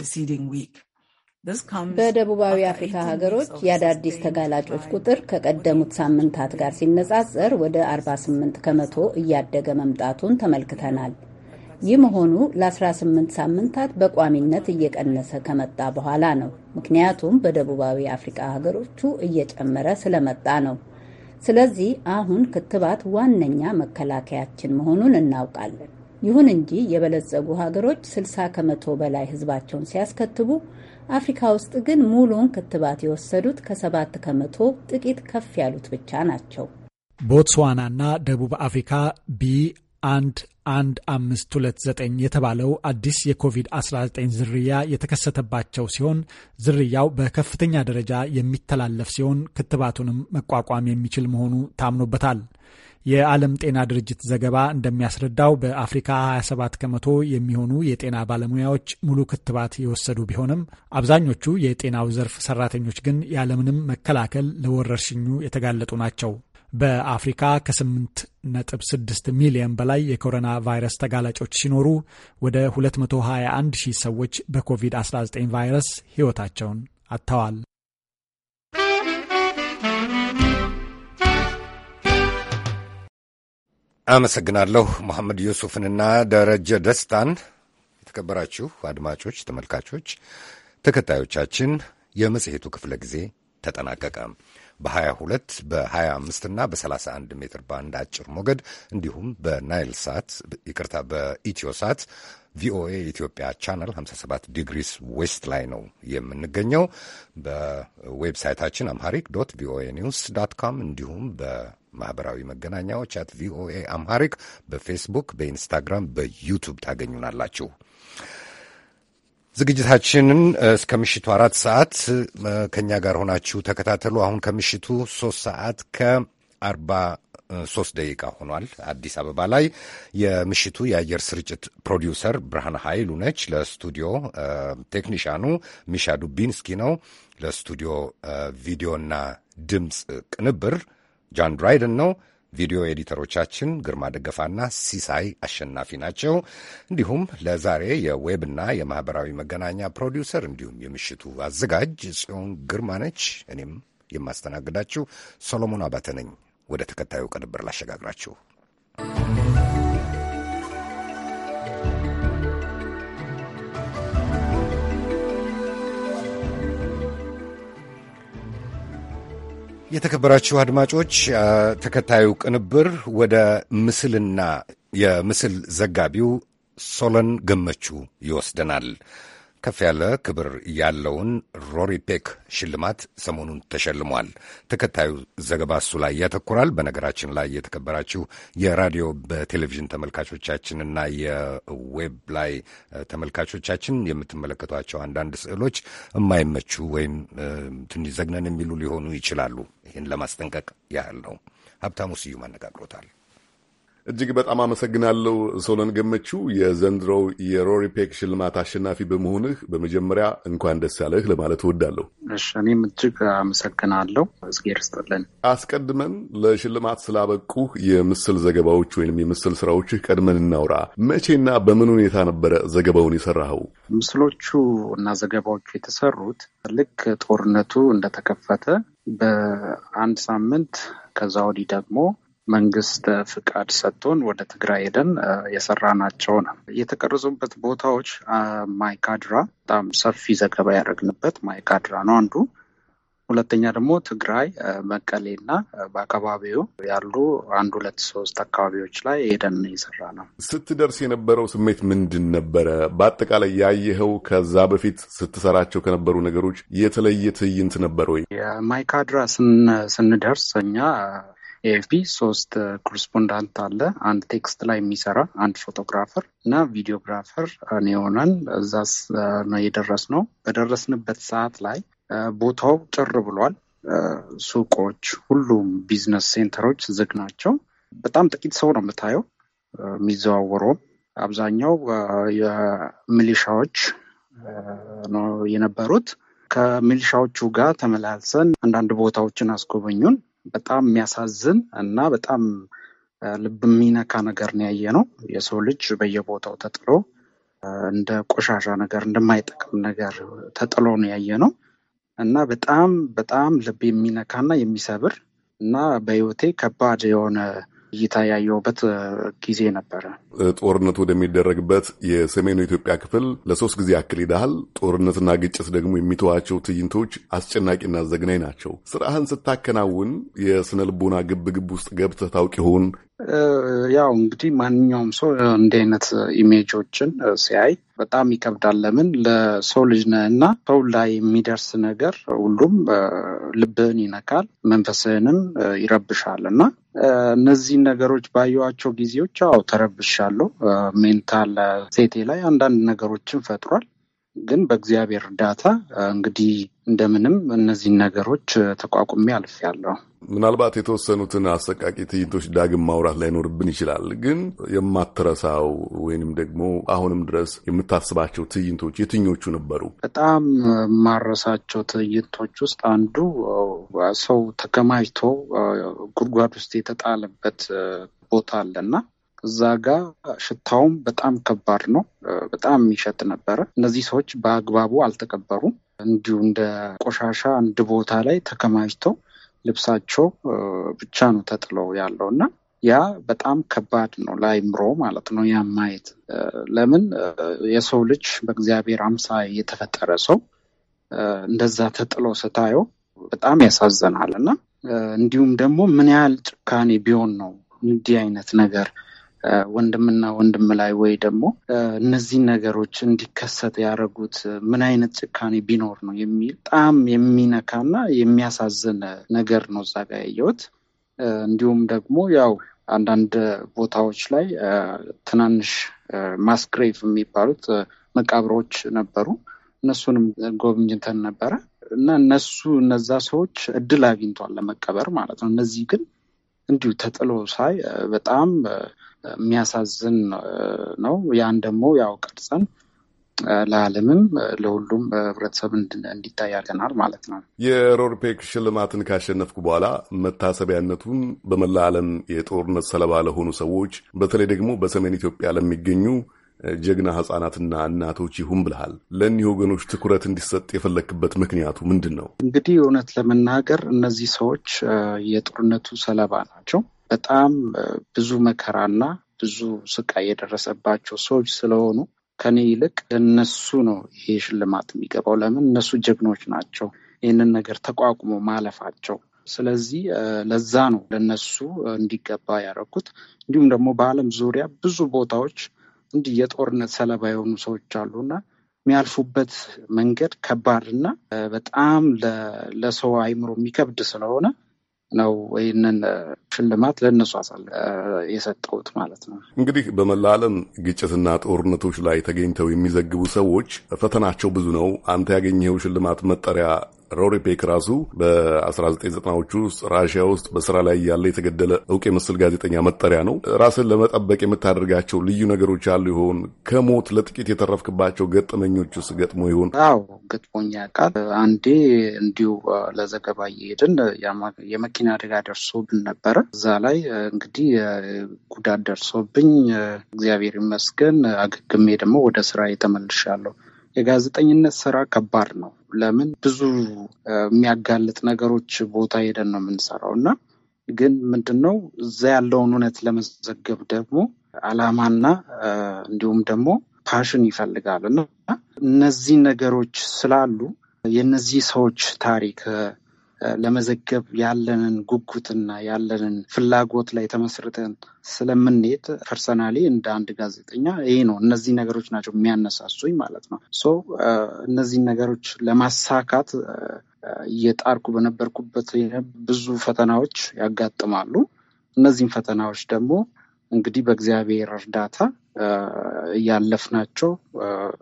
በደቡባዊ አፍሪካ ሀገሮች የአዳዲስ ተጋላጮች ቁጥር ከቀደሙት ሳምንታት ጋር ሲነጻጸር ወደ 48 ከመቶ እያደገ መምጣቱን ተመልክተናል። ይህ መሆኑ ለ18 ሳምንታት በቋሚነት እየቀነሰ ከመጣ በኋላ ነው። ምክንያቱም በደቡባዊ አፍሪካ ሀገሮቹ እየጨመረ ስለመጣ ነው። ስለዚህ አሁን ክትባት ዋነኛ መከላከያችን መሆኑን እናውቃለን። ይሁን እንጂ የበለጸጉ ሀገሮች 60 ከመቶ በላይ ሕዝባቸውን ሲያስከትቡ አፍሪካ ውስጥ ግን ሙሉውን ክትባት የወሰዱት ከሰባት ከመቶ ጥቂት ከፍ ያሉት ብቻ ናቸው። ቦትስዋናና ደቡብ አፍሪካ ቢ አንድ አንድ አምስት ሁለት ዘጠኝ የተባለው አዲስ የኮቪድ-19 ዝርያ የተከሰተባቸው ሲሆን ዝርያው በከፍተኛ ደረጃ የሚተላለፍ ሲሆን ክትባቱንም መቋቋም የሚችል መሆኑ ታምኖበታል። የዓለም ጤና ድርጅት ዘገባ እንደሚያስረዳው በአፍሪካ 27 ከመቶ የሚሆኑ የጤና ባለሙያዎች ሙሉ ክትባት የወሰዱ ቢሆንም አብዛኞቹ የጤናው ዘርፍ ሰራተኞች ግን ያለምንም መከላከል ለወረርሽኙ የተጋለጡ ናቸው። በአፍሪካ ከ8 ነጥብ 6 ሚሊዮን በላይ የኮሮና ቫይረስ ተጋላጮች ሲኖሩ ወደ 221 ሺህ ሰዎች በኮቪድ-19 ቫይረስ ሕይወታቸውን አጥተዋል። አመሰግናለሁ መሐመድ ዩሱፍንና ደረጀ ደስታን። የተከበራችሁ አድማጮች፣ ተመልካቾች፣ ተከታዮቻችን የመጽሔቱ ክፍለ ጊዜ ተጠናቀቀ። በ22 በ25 እና በ31 ሜትር ባንድ አጭር ሞገድ እንዲሁም በናይል ሳት ይቅርታ፣ በኢትዮ ሳት ቪኦኤ ኢትዮጵያ ቻናል 57 ዲግሪስ ዌስት ላይ ነው የምንገኘው። በዌብሳይታችን አምሃሪክ ዶት ቪኦኤ ኒውስ ዳት ካም እንዲሁም በ ማህበራዊ መገናኛዎች አት ቪኦኤ አምሃሪክ በፌስቡክ፣ በኢንስታግራም፣ በዩቱብ ታገኙናላችሁ። ዝግጅታችንን እስከ ምሽቱ አራት ሰዓት ከእኛ ጋር ሆናችሁ ተከታተሉ። አሁን ከምሽቱ ሶስት ሰዓት ከአርባ ሶስት ደቂቃ ሆኗል። አዲስ አበባ ላይ የምሽቱ የአየር ስርጭት ፕሮዲውሰር ብርሃን ኃይሉ ነች። ለስቱዲዮ ቴክኒሽያኑ ሚሻ ዱቢንስኪ ነው። ለስቱዲዮ ቪዲዮና ድምፅ ቅንብር ጃን ድራይደን ነው። ቪዲዮ ኤዲተሮቻችን ግርማ ደገፋና ሲሳይ አሸናፊ ናቸው። እንዲሁም ለዛሬ የዌብና የማህበራዊ መገናኛ ፕሮዲውሰር እንዲሁም የምሽቱ አዘጋጅ ጽዮን ግርማ ነች። እኔም የማስተናግዳችሁ ሶሎሞን አባተ ነኝ። ወደ ተከታዩ ቅንብር ላሸጋግራችሁ። የተከበራችሁ አድማጮች፣ ተከታዩ ቅንብር ወደ ምስልና የምስል ዘጋቢው ሶለን ገመቹ ይወስደናል። ከፍ ያለ ክብር ያለውን ሮሪ ፔክ ሽልማት ሰሞኑን ተሸልሟል። ተከታዩ ዘገባ እሱ ላይ ያተኩራል። በነገራችን ላይ የተከበራችሁ የራዲዮ በቴሌቪዥን ተመልካቾቻችንና የዌብ ላይ ተመልካቾቻችን የምትመለከቷቸው አንዳንድ ስዕሎች የማይመቹ ወይም ትንሽ ዘግነን የሚሉ ሊሆኑ ይችላሉ። ይህን ለማስጠንቀቅ ያህል ነው። ሀብታሙ ስዩም አነጋግሮታል። እጅግ በጣም አመሰግናለሁ ሶለን ገመችው የዘንድሮው የሮሪፔክ ሽልማት አሸናፊ በመሆንህ በመጀመሪያ እንኳን ደስ ያለህ ለማለት እወዳለሁ። እኔም እጅግ አመሰግናለሁ። እግዜር ይስጥልን። አስቀድመን ለሽልማት ስላበቁህ የምስል ዘገባዎች ወይም የምስል ስራዎችህ ቀድመን እናውራ። መቼና በምን ሁኔታ ነበረ ዘገባውን የሰራኸው? ምስሎቹ እና ዘገባዎቹ የተሰሩት ልክ ጦርነቱ እንደተከፈተ በአንድ ሳምንት ከዛ ወዲህ ደግሞ መንግስት ፍቃድ ሰጥቶን ወደ ትግራይ ሄደን ናቸው ነው። የተቀረጹበት ቦታዎች ማይካድራ በጣም ሰፊ ዘገባ ያደረግንበት ማይካድራ ነው አንዱ። ሁለተኛ ደግሞ ትግራይ መቀሌ እና በአካባቢው ያሉ አንድ ሁለት ሶስት አካባቢዎች ላይ ሄደን የሰራ ነው። ስትደርስ የነበረው ስሜት ምንድን ነበረ? በአጠቃላይ ያየኸው ከዛ በፊት ስትሰራቸው ከነበሩ ነገሮች የተለየ ትዕይንት ነበር ወይ? የማይካድራ ስንደርስ እኛ ኤኤፍፒ ሶስት ኮረስፖንዳንት አለ። አንድ ቴክስት ላይ የሚሰራ አንድ ፎቶግራፈር እና ቪዲዮግራፈር የሆነን እዛ የደረስ ነው። በደረስንበት ሰዓት ላይ ቦታው ጭር ብሏል። ሱቆች፣ ሁሉም ቢዝነስ ሴንተሮች ዝግ ናቸው። በጣም ጥቂት ሰው ነው የምታየው የሚዘዋወረውም አብዛኛው የሚሊሻዎች ነው የነበሩት። ከሚሊሻዎቹ ጋር ተመላልሰን አንዳንድ ቦታዎችን አስጎበኙን። በጣም የሚያሳዝን እና በጣም ልብ የሚነካ ነገር ነው ያየ ነው። የሰው ልጅ በየቦታው ተጥሎ እንደ ቆሻሻ ነገር እንደማይጠቅም ነገር ተጥሎ ነው ያየ ነው እና በጣም በጣም ልብ የሚነካ እና የሚሰብር እና በህይወቴ ከባድ የሆነ እይታ ያየውበት ጊዜ ነበረ። ጦርነቱ ወደሚደረግበት የሰሜኑ ኢትዮጵያ ክፍል ለሶስት ጊዜ ያክል ሄደሃል። ጦርነትና ግጭት ደግሞ የሚተዋቸው ትዕይንቶች አስጨናቂና ዘግናኝ ናቸው። ስራህን ስታከናውን የስነ ልቦና ግብግብ ውስጥ ገብተህ ታውቅ ይሆን? ያው እንግዲህ ማንኛውም ሰው እንዲህ አይነት ኢሜጆችን ሲያይ በጣም ይከብዳል። ለምን ለሰው ልጅ ነህ እና ሰው ላይ የሚደርስ ነገር ሁሉም ልብህን ይነካል፣ መንፈስህንም ይረብሻል እና እነዚህን ነገሮች ባየኋቸው ጊዜዎች ው ተረብሻለሁ። ሜንታል ሴቴ ላይ አንዳንድ ነገሮችን ፈጥሯል። ግን በእግዚአብሔር እርዳታ እንግዲህ እንደምንም እነዚህን ነገሮች ተቋቁሜ አልፌያለሁ። ምናልባት የተወሰኑትን አሰቃቂ ትዕይንቶች ዳግም ማውራት ላይኖርብን ይችላል። ግን የማትረሳው ወይንም ደግሞ አሁንም ድረስ የምታስባቸው ትዕይንቶች የትኞቹ ነበሩ? በጣም የማረሳቸው ትዕይንቶች ውስጥ አንዱ ሰው ተከማችቶ ጉድጓድ ውስጥ የተጣለበት ቦታ አለና እዛ ጋ ሽታውም በጣም ከባድ ነው። በጣም የሚሸት ነበረ። እነዚህ ሰዎች በአግባቡ አልተቀበሩም። እንዲሁ እንደ ቆሻሻ አንድ ቦታ ላይ ተከማችተው ልብሳቸው ብቻ ነው ተጥለው ያለው እና ያ በጣም ከባድ ነው ለአይምሮ ማለት ነው። ያ ማየት ለምን የሰው ልጅ በእግዚአብሔር አምሳ የተፈጠረ ሰው እንደዛ ተጥሎ ስታየው በጣም ያሳዘናል እና እንዲሁም ደግሞ ምን ያህል ጭካኔ ቢሆን ነው እንዲህ አይነት ነገር ወንድምና ወንድም ላይ ወይ ደግሞ እነዚህን ነገሮች እንዲከሰት ያደረጉት ምን አይነት ጭካኔ ቢኖር ነው የሚል በጣም የሚነካና የሚያሳዝን ነገር ነው እዛ ጋ ያየሁት። እንዲሁም ደግሞ ያው አንዳንድ ቦታዎች ላይ ትናንሽ ማስክሬቭ የሚባሉት መቃብሮች ነበሩ። እነሱንም ጎብኝተን ነበረ እና እነሱ እነዛ ሰዎች እድል አግኝቷል ለመቀበር ማለት ነው። እነዚህ ግን እንዲሁ ተጥሎ ሳይ በጣም የሚያሳዝን ነው። ያን ደግሞ ያው ቀርጸን ለዓለምም ለሁሉም ህብረተሰብ እንዲታይ ማለት ነው። የሮርፔክ ሽልማትን ካሸነፍኩ በኋላ መታሰቢያነቱን በመላ ዓለም የጦርነት ሰለባ ለሆኑ ሰዎች በተለይ ደግሞ በሰሜን ኢትዮጵያ ለሚገኙ ጀግና ህጻናትና እናቶች ይሁን ብልሃል። ለእኒህ ወገኖች ትኩረት እንዲሰጥ የፈለክበት ምክንያቱ ምንድን ነው? እንግዲህ እውነት ለመናገር እነዚህ ሰዎች የጦርነቱ ሰለባ ናቸው። በጣም ብዙ መከራና ብዙ ስቃይ የደረሰባቸው ሰዎች ስለሆኑ ከኔ ይልቅ ለነሱ ነው ይሄ ሽልማት የሚገባው። ለምን እነሱ ጀግኖች ናቸው፣ ይህንን ነገር ተቋቁሞ ማለፋቸው። ስለዚህ ለዛ ነው ለነሱ እንዲገባ ያደረኩት። እንዲሁም ደግሞ በዓለም ዙሪያ ብዙ ቦታዎች እንዲህ የጦርነት ሰለባ የሆኑ ሰዎች አሉና የሚያልፉበት መንገድ ከባድ እና በጣም ለሰው አይምሮ የሚከብድ ስለሆነ ነው ይህንን ሽልማት ለእነሱ አሳል የሰጠሁት ማለት ነው። እንግዲህ በመላ ዓለም ግጭትና ጦርነቶች ላይ ተገኝተው የሚዘግቡ ሰዎች ፈተናቸው ብዙ ነው። አንተ ያገኘኸው ሽልማት መጠሪያ ሮሪ ራሱ በ1990ዎቹ ውስጥ ራሽያ ውስጥ በስራ ላይ ያለ የተገደለ እውቅ የምስል ጋዜጠኛ መጠሪያ ነው። ራስን ለመጠበቅ የምታደርጋቸው ልዩ ነገሮች አሉ ይሆን? ከሞት ለጥቂት የተረፍክባቸው ገጠመኞች ውስጥ ገጥሞ ይሆን? አዎ ገጥሞኛ ቃል አንዴ እንዲሁ ለዘገባ እየሄድን የመኪና አደጋ ደርሶብን ነበረ። እዛ ላይ እንግዲህ ጉዳት ደርሶብኝ እግዚአብሔር ይመስገን አገግሜ ደግሞ ወደ ስራ የተመልሻለሁ። የጋዜጠኝነት ስራ ከባድ ነው። ለምን ብዙ የሚያጋልጥ ነገሮች ቦታ ሄደን ነው የምንሰራው እና ግን ምንድን ነው እዛ ያለውን እውነት ለመዘገብ ደግሞ አላማና እንዲሁም ደግሞ ፓሽን ይፈልጋል እና እነዚህ ነገሮች ስላሉ የነዚህ ሰዎች ታሪክ ለመዘገብ ያለንን ጉጉትና ያለንን ፍላጎት ላይ ተመስርተን ስለምንሄድ ፐርሰናሊ እንደ አንድ ጋዜጠኛ ይሄ ነው እነዚህ ነገሮች ናቸው የሚያነሳሱኝ ማለት ነው። ሶ እነዚህን ነገሮች ለማሳካት እየጣርኩ በነበርኩበት ብዙ ፈተናዎች ያጋጥማሉ። እነዚህን ፈተናዎች ደግሞ እንግዲህ በእግዚአብሔር እርዳታ እያለፍናቸው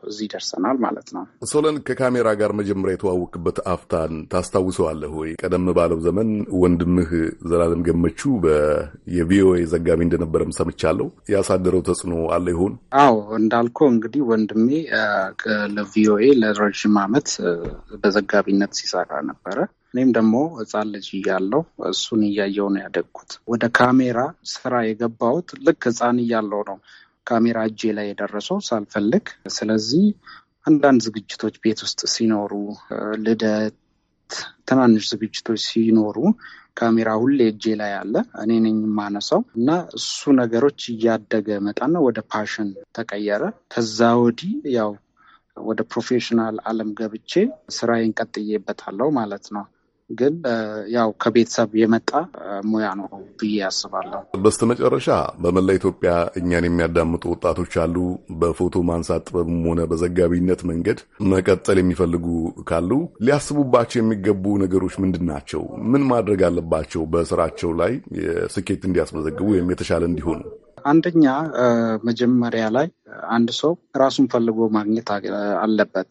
እዚህ ደርሰናል ማለት ነው። ሶለን ከካሜራ ጋር መጀመሪያ የተዋወቅበት አፍታን ታስታውሰዋለህ ወይ? ቀደም ባለው ዘመን ወንድምህ ዘላለም ገመቹ የቪኦኤ ዘጋቢ እንደነበረም ሰምቻለሁ። ያሳደረው ተጽዕኖ አለ ይሆን? አዎ እንዳልኮ እንግዲህ ወንድሜ ለቪኦኤ ለረዥም ዓመት በዘጋቢነት ሲሰራ ነበረ። እኔም ደግሞ ህፃን ልጅ እያለው እሱን እያየው ነው ያደግኩት። ወደ ካሜራ ስራ የገባሁት ልክ ህፃን እያለው ነው ካሜራ እጄ ላይ የደረሰው ሳልፈልግ። ስለዚህ አንዳንድ ዝግጅቶች ቤት ውስጥ ሲኖሩ፣ ልደት፣ ትናንሽ ዝግጅቶች ሲኖሩ ካሜራ ሁሌ እጄ ላይ አለ። እኔ ነኝ የማነሳው እና እሱ ነገሮች እያደገ መጣና ወደ ፓሽን ተቀየረ። ከዛ ወዲህ ያው ወደ ፕሮፌሽናል አለም ገብቼ ስራዬን ቀጥዬበታለሁ ማለት ነው። ግን ያው ከቤተሰብ የመጣ ሙያ ነው ብዬ አስባለሁ። በስተመጨረሻ በመላ ኢትዮጵያ እኛን የሚያዳምጡ ወጣቶች አሉ። በፎቶ ማንሳት ጥበብም ሆነ በዘጋቢነት መንገድ መቀጠል የሚፈልጉ ካሉ ሊያስቡባቸው የሚገቡ ነገሮች ምንድን ናቸው? ምን ማድረግ አለባቸው? በስራቸው ላይ ስኬት እንዲያስመዘግቡ ወይም የተሻለ እንዲሆኑ። አንደኛ መጀመሪያ ላይ አንድ ሰው ራሱን ፈልጎ ማግኘት አለበት።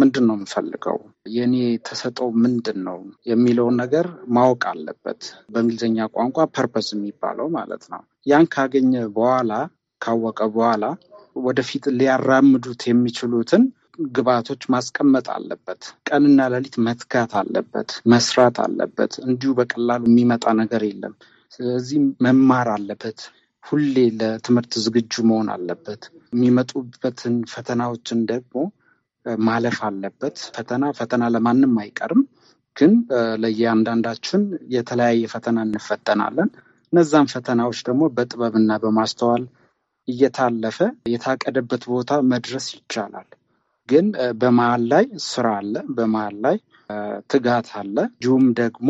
ምንድን ነው የምፈልገው፣ የኔ ተሰጠው ምንድን ነው የሚለውን ነገር ማወቅ አለበት። በእንግሊዝኛ ቋንቋ ፐርፐስ የሚባለው ማለት ነው። ያን ካገኘ በኋላ ካወቀ በኋላ ወደፊት ሊያራምዱት የሚችሉትን ግብዓቶች ማስቀመጥ አለበት። ቀንና ሌሊት መትጋት አለበት፣ መስራት አለበት። እንዲሁ በቀላሉ የሚመጣ ነገር የለም። ስለዚህ መማር አለበት። ሁሌ ለትምህርት ዝግጁ መሆን አለበት። የሚመጡበትን ፈተናዎችን ደግሞ ማለፍ አለበት። ፈተና ፈተና ለማንም አይቀርም፣ ግን ለእያንዳንዳችን የተለያየ ፈተና እንፈተናለን። እነዛን ፈተናዎች ደግሞ በጥበብና በማስተዋል እየታለፈ የታቀደበት ቦታ መድረስ ይቻላል። ግን በመሀል ላይ ስራ አለ፣ በመሀል ላይ ትጋት አለ፣ እንዲሁም ደግሞ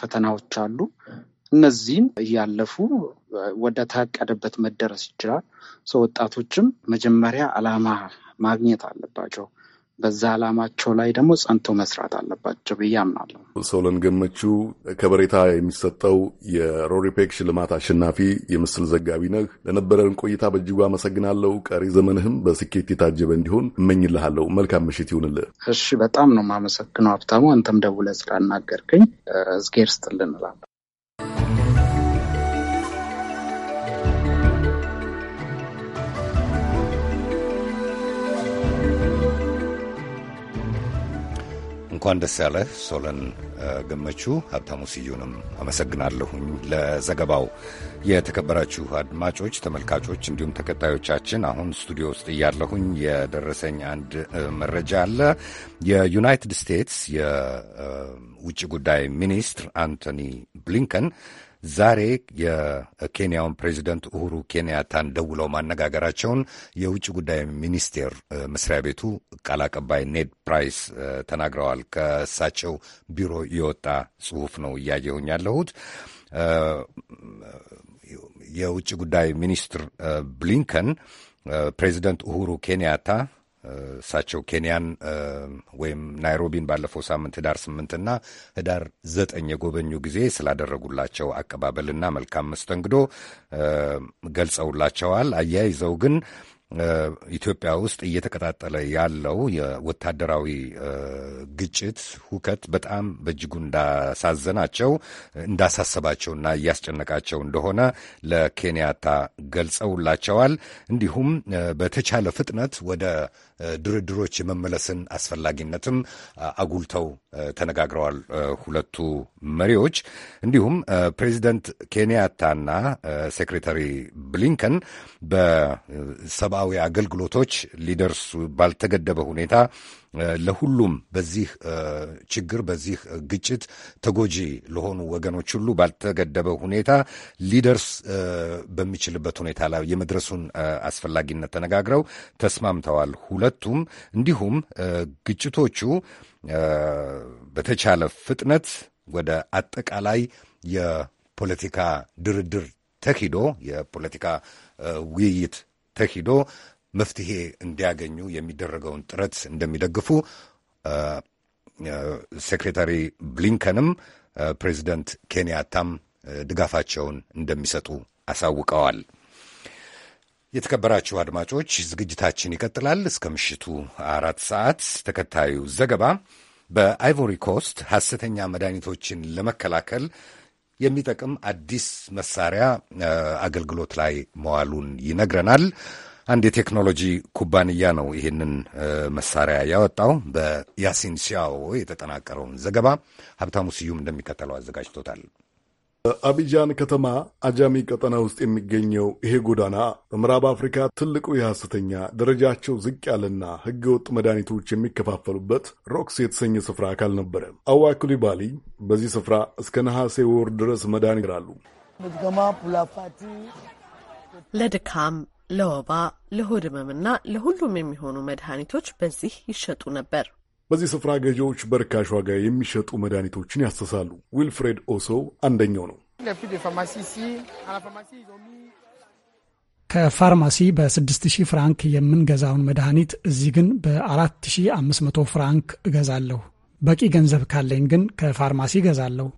ፈተናዎች አሉ። እነዚህን እያለፉ ወደ ታቀደበት መደረስ ይችላል። ሰው ወጣቶችም መጀመሪያ አላማ ማግኘት አለባቸው። በዛ አላማቸው ላይ ደግሞ ጸንተው መስራት አለባቸው ብዬ አምናለሁ። ሶለን ገመቹ ከበሬታ የሚሰጠው የሮሪፔክ ሽልማት አሸናፊ የምስል ዘጋቢ ነህ። ለነበረን ቆይታ በእጅጉ አመሰግናለሁ። ቀሪ ዘመንህም በስኬት የታጀበ እንዲሆን እመኝልሃለሁ። መልካም ምሽት ይሁንልህ። እሺ፣ በጣም ነው የማመሰግነው ሀብታሙ። አንተም ደውለህ ስላናገርከኝ እዝጌር ስጥልን እላለሁ። እንኳን ደስ ያለህ ሶለን ገመቹ። ሀብታሙ ስዩንም አመሰግናለሁኝ ለዘገባው። የተከበራችሁ አድማጮች፣ ተመልካቾች እንዲሁም ተከታዮቻችን አሁን ስቱዲዮ ውስጥ እያለሁኝ የደረሰኝ አንድ መረጃ አለ። የዩናይትድ ስቴትስ የውጭ ጉዳይ ሚኒስትር አንቶኒ ብሊንከን ዛሬ የኬንያውን ፕሬዚደንት ኡሁሩ ኬንያታን ደውለው ማነጋገራቸውን የውጭ ጉዳይ ሚኒስቴር መስሪያ ቤቱ ቃል አቀባይ ኔድ ፕራይስ ተናግረዋል። ከእሳቸው ቢሮ የወጣ ጽሁፍ ነው እያየሁኝ ያለሁት። የውጭ ጉዳይ ሚኒስትር ብሊንከን ፕሬዚደንት ኡሁሩ ኬንያታ እሳቸው ኬንያን ወይም ናይሮቢን ባለፈው ሳምንት ህዳር ስምንትና ህዳር ዘጠኝ የጎበኙ ጊዜ ስላደረጉላቸው አቀባበልና መልካም መስተንግዶ ገልጸውላቸዋል። አያይዘው ግን ኢትዮጵያ ውስጥ እየተቀጣጠለ ያለው የወታደራዊ ግጭት ሁከት በጣም በእጅጉ እንዳሳዘናቸው እንዳሳሰባቸውና እያስጨነቃቸው እንደሆነ ለኬንያታ ገልጸውላቸዋል። እንዲሁም በተቻለ ፍጥነት ወደ ድርድሮች የመመለስን አስፈላጊነትም አጉልተው ተነጋግረዋል ሁለቱ መሪዎች። እንዲሁም ፕሬዚደንት ኬንያታና ሴክሬታሪ ብሊንከን በሰብአዊ አገልግሎቶች ሊደርሱ ባልተገደበ ሁኔታ ለሁሉም በዚህ ችግር በዚህ ግጭት ተጎጂ ለሆኑ ወገኖች ሁሉ ባልተገደበ ሁኔታ ሊደርስ በሚችልበት ሁኔታ ላይ የመድረሱን አስፈላጊነት ተነጋግረው ተስማምተዋል ሁለቱም። እንዲሁም ግጭቶቹ በተቻለ ፍጥነት ወደ አጠቃላይ የፖለቲካ ድርድር ተሂዶ የፖለቲካ ውይይት ተሂዶ መፍትሄ እንዲያገኙ የሚደረገውን ጥረት እንደሚደግፉ ሴክሬታሪ ብሊንከንም ፕሬዚደንት ኬንያታም ድጋፋቸውን እንደሚሰጡ አሳውቀዋል። የተከበራችሁ አድማጮች ዝግጅታችን ይቀጥላል እስከ ምሽቱ አራት ሰዓት። ተከታዩ ዘገባ በአይቮሪ ኮስት ሐሰተኛ መድኃኒቶችን ለመከላከል የሚጠቅም አዲስ መሳሪያ አገልግሎት ላይ መዋሉን ይነግረናል። አንድ የቴክኖሎጂ ኩባንያ ነው ይህንን መሳሪያ ያወጣው። በያሲን ሲያዎ የተጠናቀረውን ዘገባ ሀብታሙ ስዩም እንደሚከተለው አዘጋጅቶታል። በአቢጃን ከተማ አጃሚ ቀጠና ውስጥ የሚገኘው ይሄ ጎዳና በምዕራብ አፍሪካ ትልቁ የሐሰተኛ ደረጃቸው ዝቅ ያለና ወጥ መድኃኒቶች የሚከፋፈሉበት ሮክስ የተሰኘ ስፍራ አካል ነበረ። አዋ ኩሊባሊ በዚህ ስፍራ እስከ ነሐሴ ወር ድረስ መድኃኒት ይራሉ። ለድካም ለወባ፣ ለሆድ ህመምና ለሁሉም የሚሆኑ መድኃኒቶች በዚህ ይሸጡ ነበር። በዚህ ስፍራ ገዢዎች በርካሽ ዋጋ የሚሸጡ መድኃኒቶችን ያሰሳሉ። ዊልፍሬድ ኦሶ አንደኛው ነው። ከፋርማሲ በ6000 ፍራንክ የምንገዛውን መድኃኒት እዚህ ግን በ4500 ፍራንክ እገዛለሁ። በቂ ገንዘብ ካለኝ ግን ከፋርማሲ እገዛለሁ።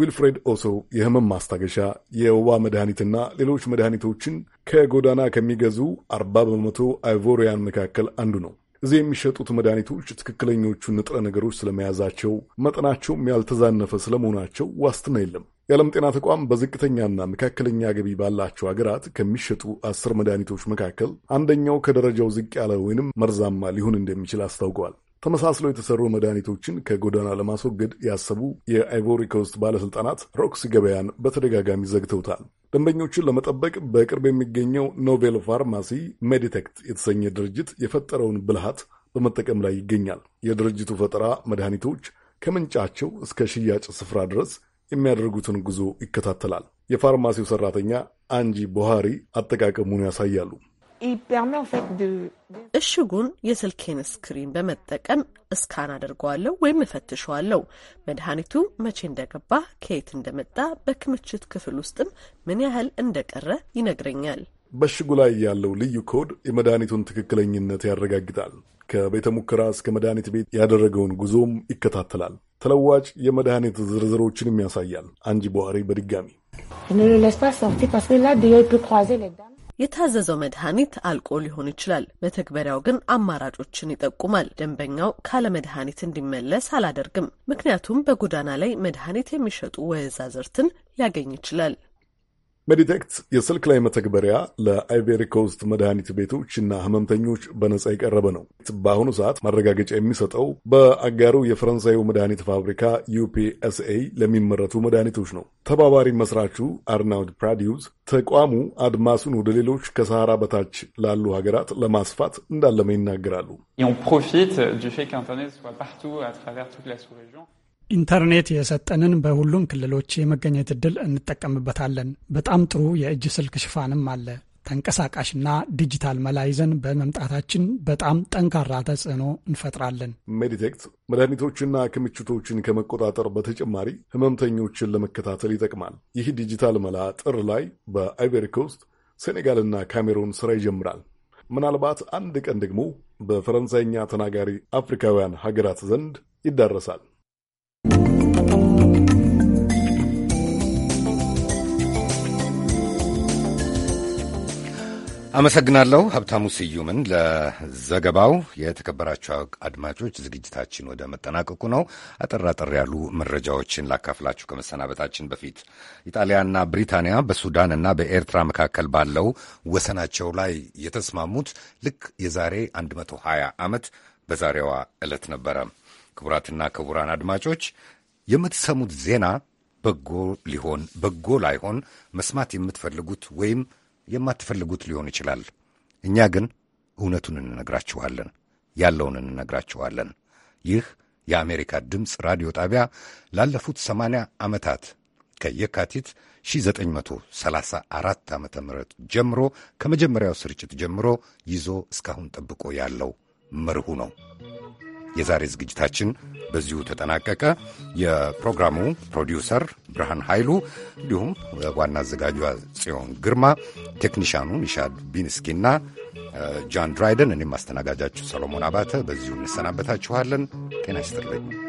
ዊልፍሬድ ኦሶ የህመም ማስታገሻ የወባ መድኃኒትና ሌሎች መድኃኒቶችን ከጎዳና ከሚገዙ አርባ በመቶ አይቮሪያን መካከል አንዱ ነው። እዚህ የሚሸጡት መድኃኒቶች ትክክለኞቹ ንጥረ ነገሮች ስለመያዛቸው መጠናቸውም ያልተዛነፈ ስለመሆናቸው ዋስትና የለም። የዓለም ጤና ተቋም በዝቅተኛና መካከለኛ ገቢ ባላቸው ሀገራት ከሚሸጡ አስር መድኃኒቶች መካከል አንደኛው ከደረጃው ዝቅ ያለ ወይንም መርዛማ ሊሆን እንደሚችል አስታውቀዋል። ተመሳስለው የተሰሩ መድኃኒቶችን ከጎዳና ለማስወገድ ያሰቡ የአይቮሪ ኮስት ባለሥልጣናት ሮክሲ ገበያን በተደጋጋሚ ዘግተውታል። ደንበኞችን ለመጠበቅ በቅርብ የሚገኘው ኖቬል ፋርማሲ ሜዲቴክት የተሰኘ ድርጅት የፈጠረውን ብልሃት በመጠቀም ላይ ይገኛል። የድርጅቱ ፈጠራ መድኃኒቶች ከምንጫቸው እስከ ሽያጭ ስፍራ ድረስ የሚያደርጉትን ጉዞ ይከታተላል። የፋርማሲው ሰራተኛ አንጂ ቦሃሪ አጠቃቀሙን ያሳያሉ። እሽጉን የስልኬን ስክሪን በመጠቀም እስካን አድርገዋለሁ ወይም እፈትሸዋለሁ። መድኃኒቱ መቼ እንደገባ፣ ከየት እንደመጣ፣ በክምችት ክፍል ውስጥም ምን ያህል እንደቀረ ይነግረኛል። በእሽጉ ላይ ያለው ልዩ ኮድ የመድኃኒቱን ትክክለኝነት ያረጋግጣል። ከቤተ ሙከራ እስከ መድኃኒት ቤት ያደረገውን ጉዞም ይከታተላል። ተለዋጭ የመድኃኒት ዝርዝሮችንም ያሳያል። አንጂ በኋሪ በድጋሚ የታዘዘው መድኃኒት አልቆ ሊሆን ይችላል። መተግበሪያው ግን አማራጮችን ይጠቁማል። ደንበኛው ካለ መድኃኒት እንዲመለስ አላደርግም፣ ምክንያቱም በጎዳና ላይ መድኃኒት የሚሸጡ ወዛዝርትን ሊያገኝ ይችላል። ሜዲቴክት የስልክ ላይ መተግበሪያ ለአይቬሪ ኮስት መድኃኒት ቤቶች እና ህመምተኞች በነጻ የቀረበ ነው። በአሁኑ ሰዓት ማረጋገጫ የሚሰጠው በአጋሩ የፈረንሳዩ መድኃኒት ፋብሪካ ዩፒኤስኤ ለሚመረቱ መድኃኒቶች ነው። ተባባሪ መስራቹ አርናውድ ፕራዲውዝ ተቋሙ አድማሱን ወደ ሌሎች ከሰሃራ በታች ላሉ ሀገራት ለማስፋት እንዳለመ ይናገራሉ። ኢንተርኔት የሰጠንን በሁሉም ክልሎች የመገኘት እድል እንጠቀምበታለን። በጣም ጥሩ የእጅ ስልክ ሽፋንም አለ። ተንቀሳቃሽና ዲጂታል መላ ይዘን በመምጣታችን በጣም ጠንካራ ተጽዕኖ እንፈጥራለን። ሜዲቴክት መድኃኒቶችና ክምችቶችን ከመቆጣጠር በተጨማሪ ህመምተኞችን ለመከታተል ይጠቅማል። ይህ ዲጂታል መላ ጥር ላይ በአይቬሪ ኮስት፣ ሴኔጋልና ካሜሩን ስራ ይጀምራል። ምናልባት አንድ ቀን ደግሞ በፈረንሳይኛ ተናጋሪ አፍሪካውያን ሀገራት ዘንድ ይዳረሳል። አመሰግናለሁ ሀብታሙ ስዩምን ለዘገባው። የተከበራቸው አድማጮች ዝግጅታችን ወደ መጠናቀቁ ነው። አጠር አጠር ያሉ መረጃዎችን ላካፍላችሁ ከመሰናበታችን በፊት ኢጣሊያና ብሪታንያ በሱዳንና በኤርትራ መካከል ባለው ወሰናቸው ላይ የተስማሙት ልክ የዛሬ 120 ዓመት በዛሬዋ ዕለት ነበረ። ክቡራትና ክቡራን አድማጮች የምትሰሙት ዜና በጎ ሊሆን በጎ ላይሆን መስማት የምትፈልጉት ወይም የማትፈልጉት ሊሆን ይችላል። እኛ ግን እውነቱን እንነግራችኋለን፣ ያለውን እንነግራችኋለን። ይህ የአሜሪካ ድምፅ ራዲዮ ጣቢያ ላለፉት ሰማንያ ዓመታት ከየካቲት 1934 ዓ ም ጀምሮ ከመጀመሪያው ስርጭት ጀምሮ ይዞ እስካሁን ጠብቆ ያለው መርሁ ነው። የዛሬ ዝግጅታችን በዚሁ ተጠናቀቀ። የፕሮግራሙ ፕሮዲውሰር ብርሃን ኃይሉ እንዲሁም ዋና አዘጋጇ ጽዮን ግርማ፣ ቴክኒሻኑ ኒሻድ ቢንስኪና ጃን ድራይደን፣ እኔም አስተናጋጃችሁ ሰሎሞን አባተ በዚሁ እንሰናበታችኋለን። ጤና ይስጥልኝ።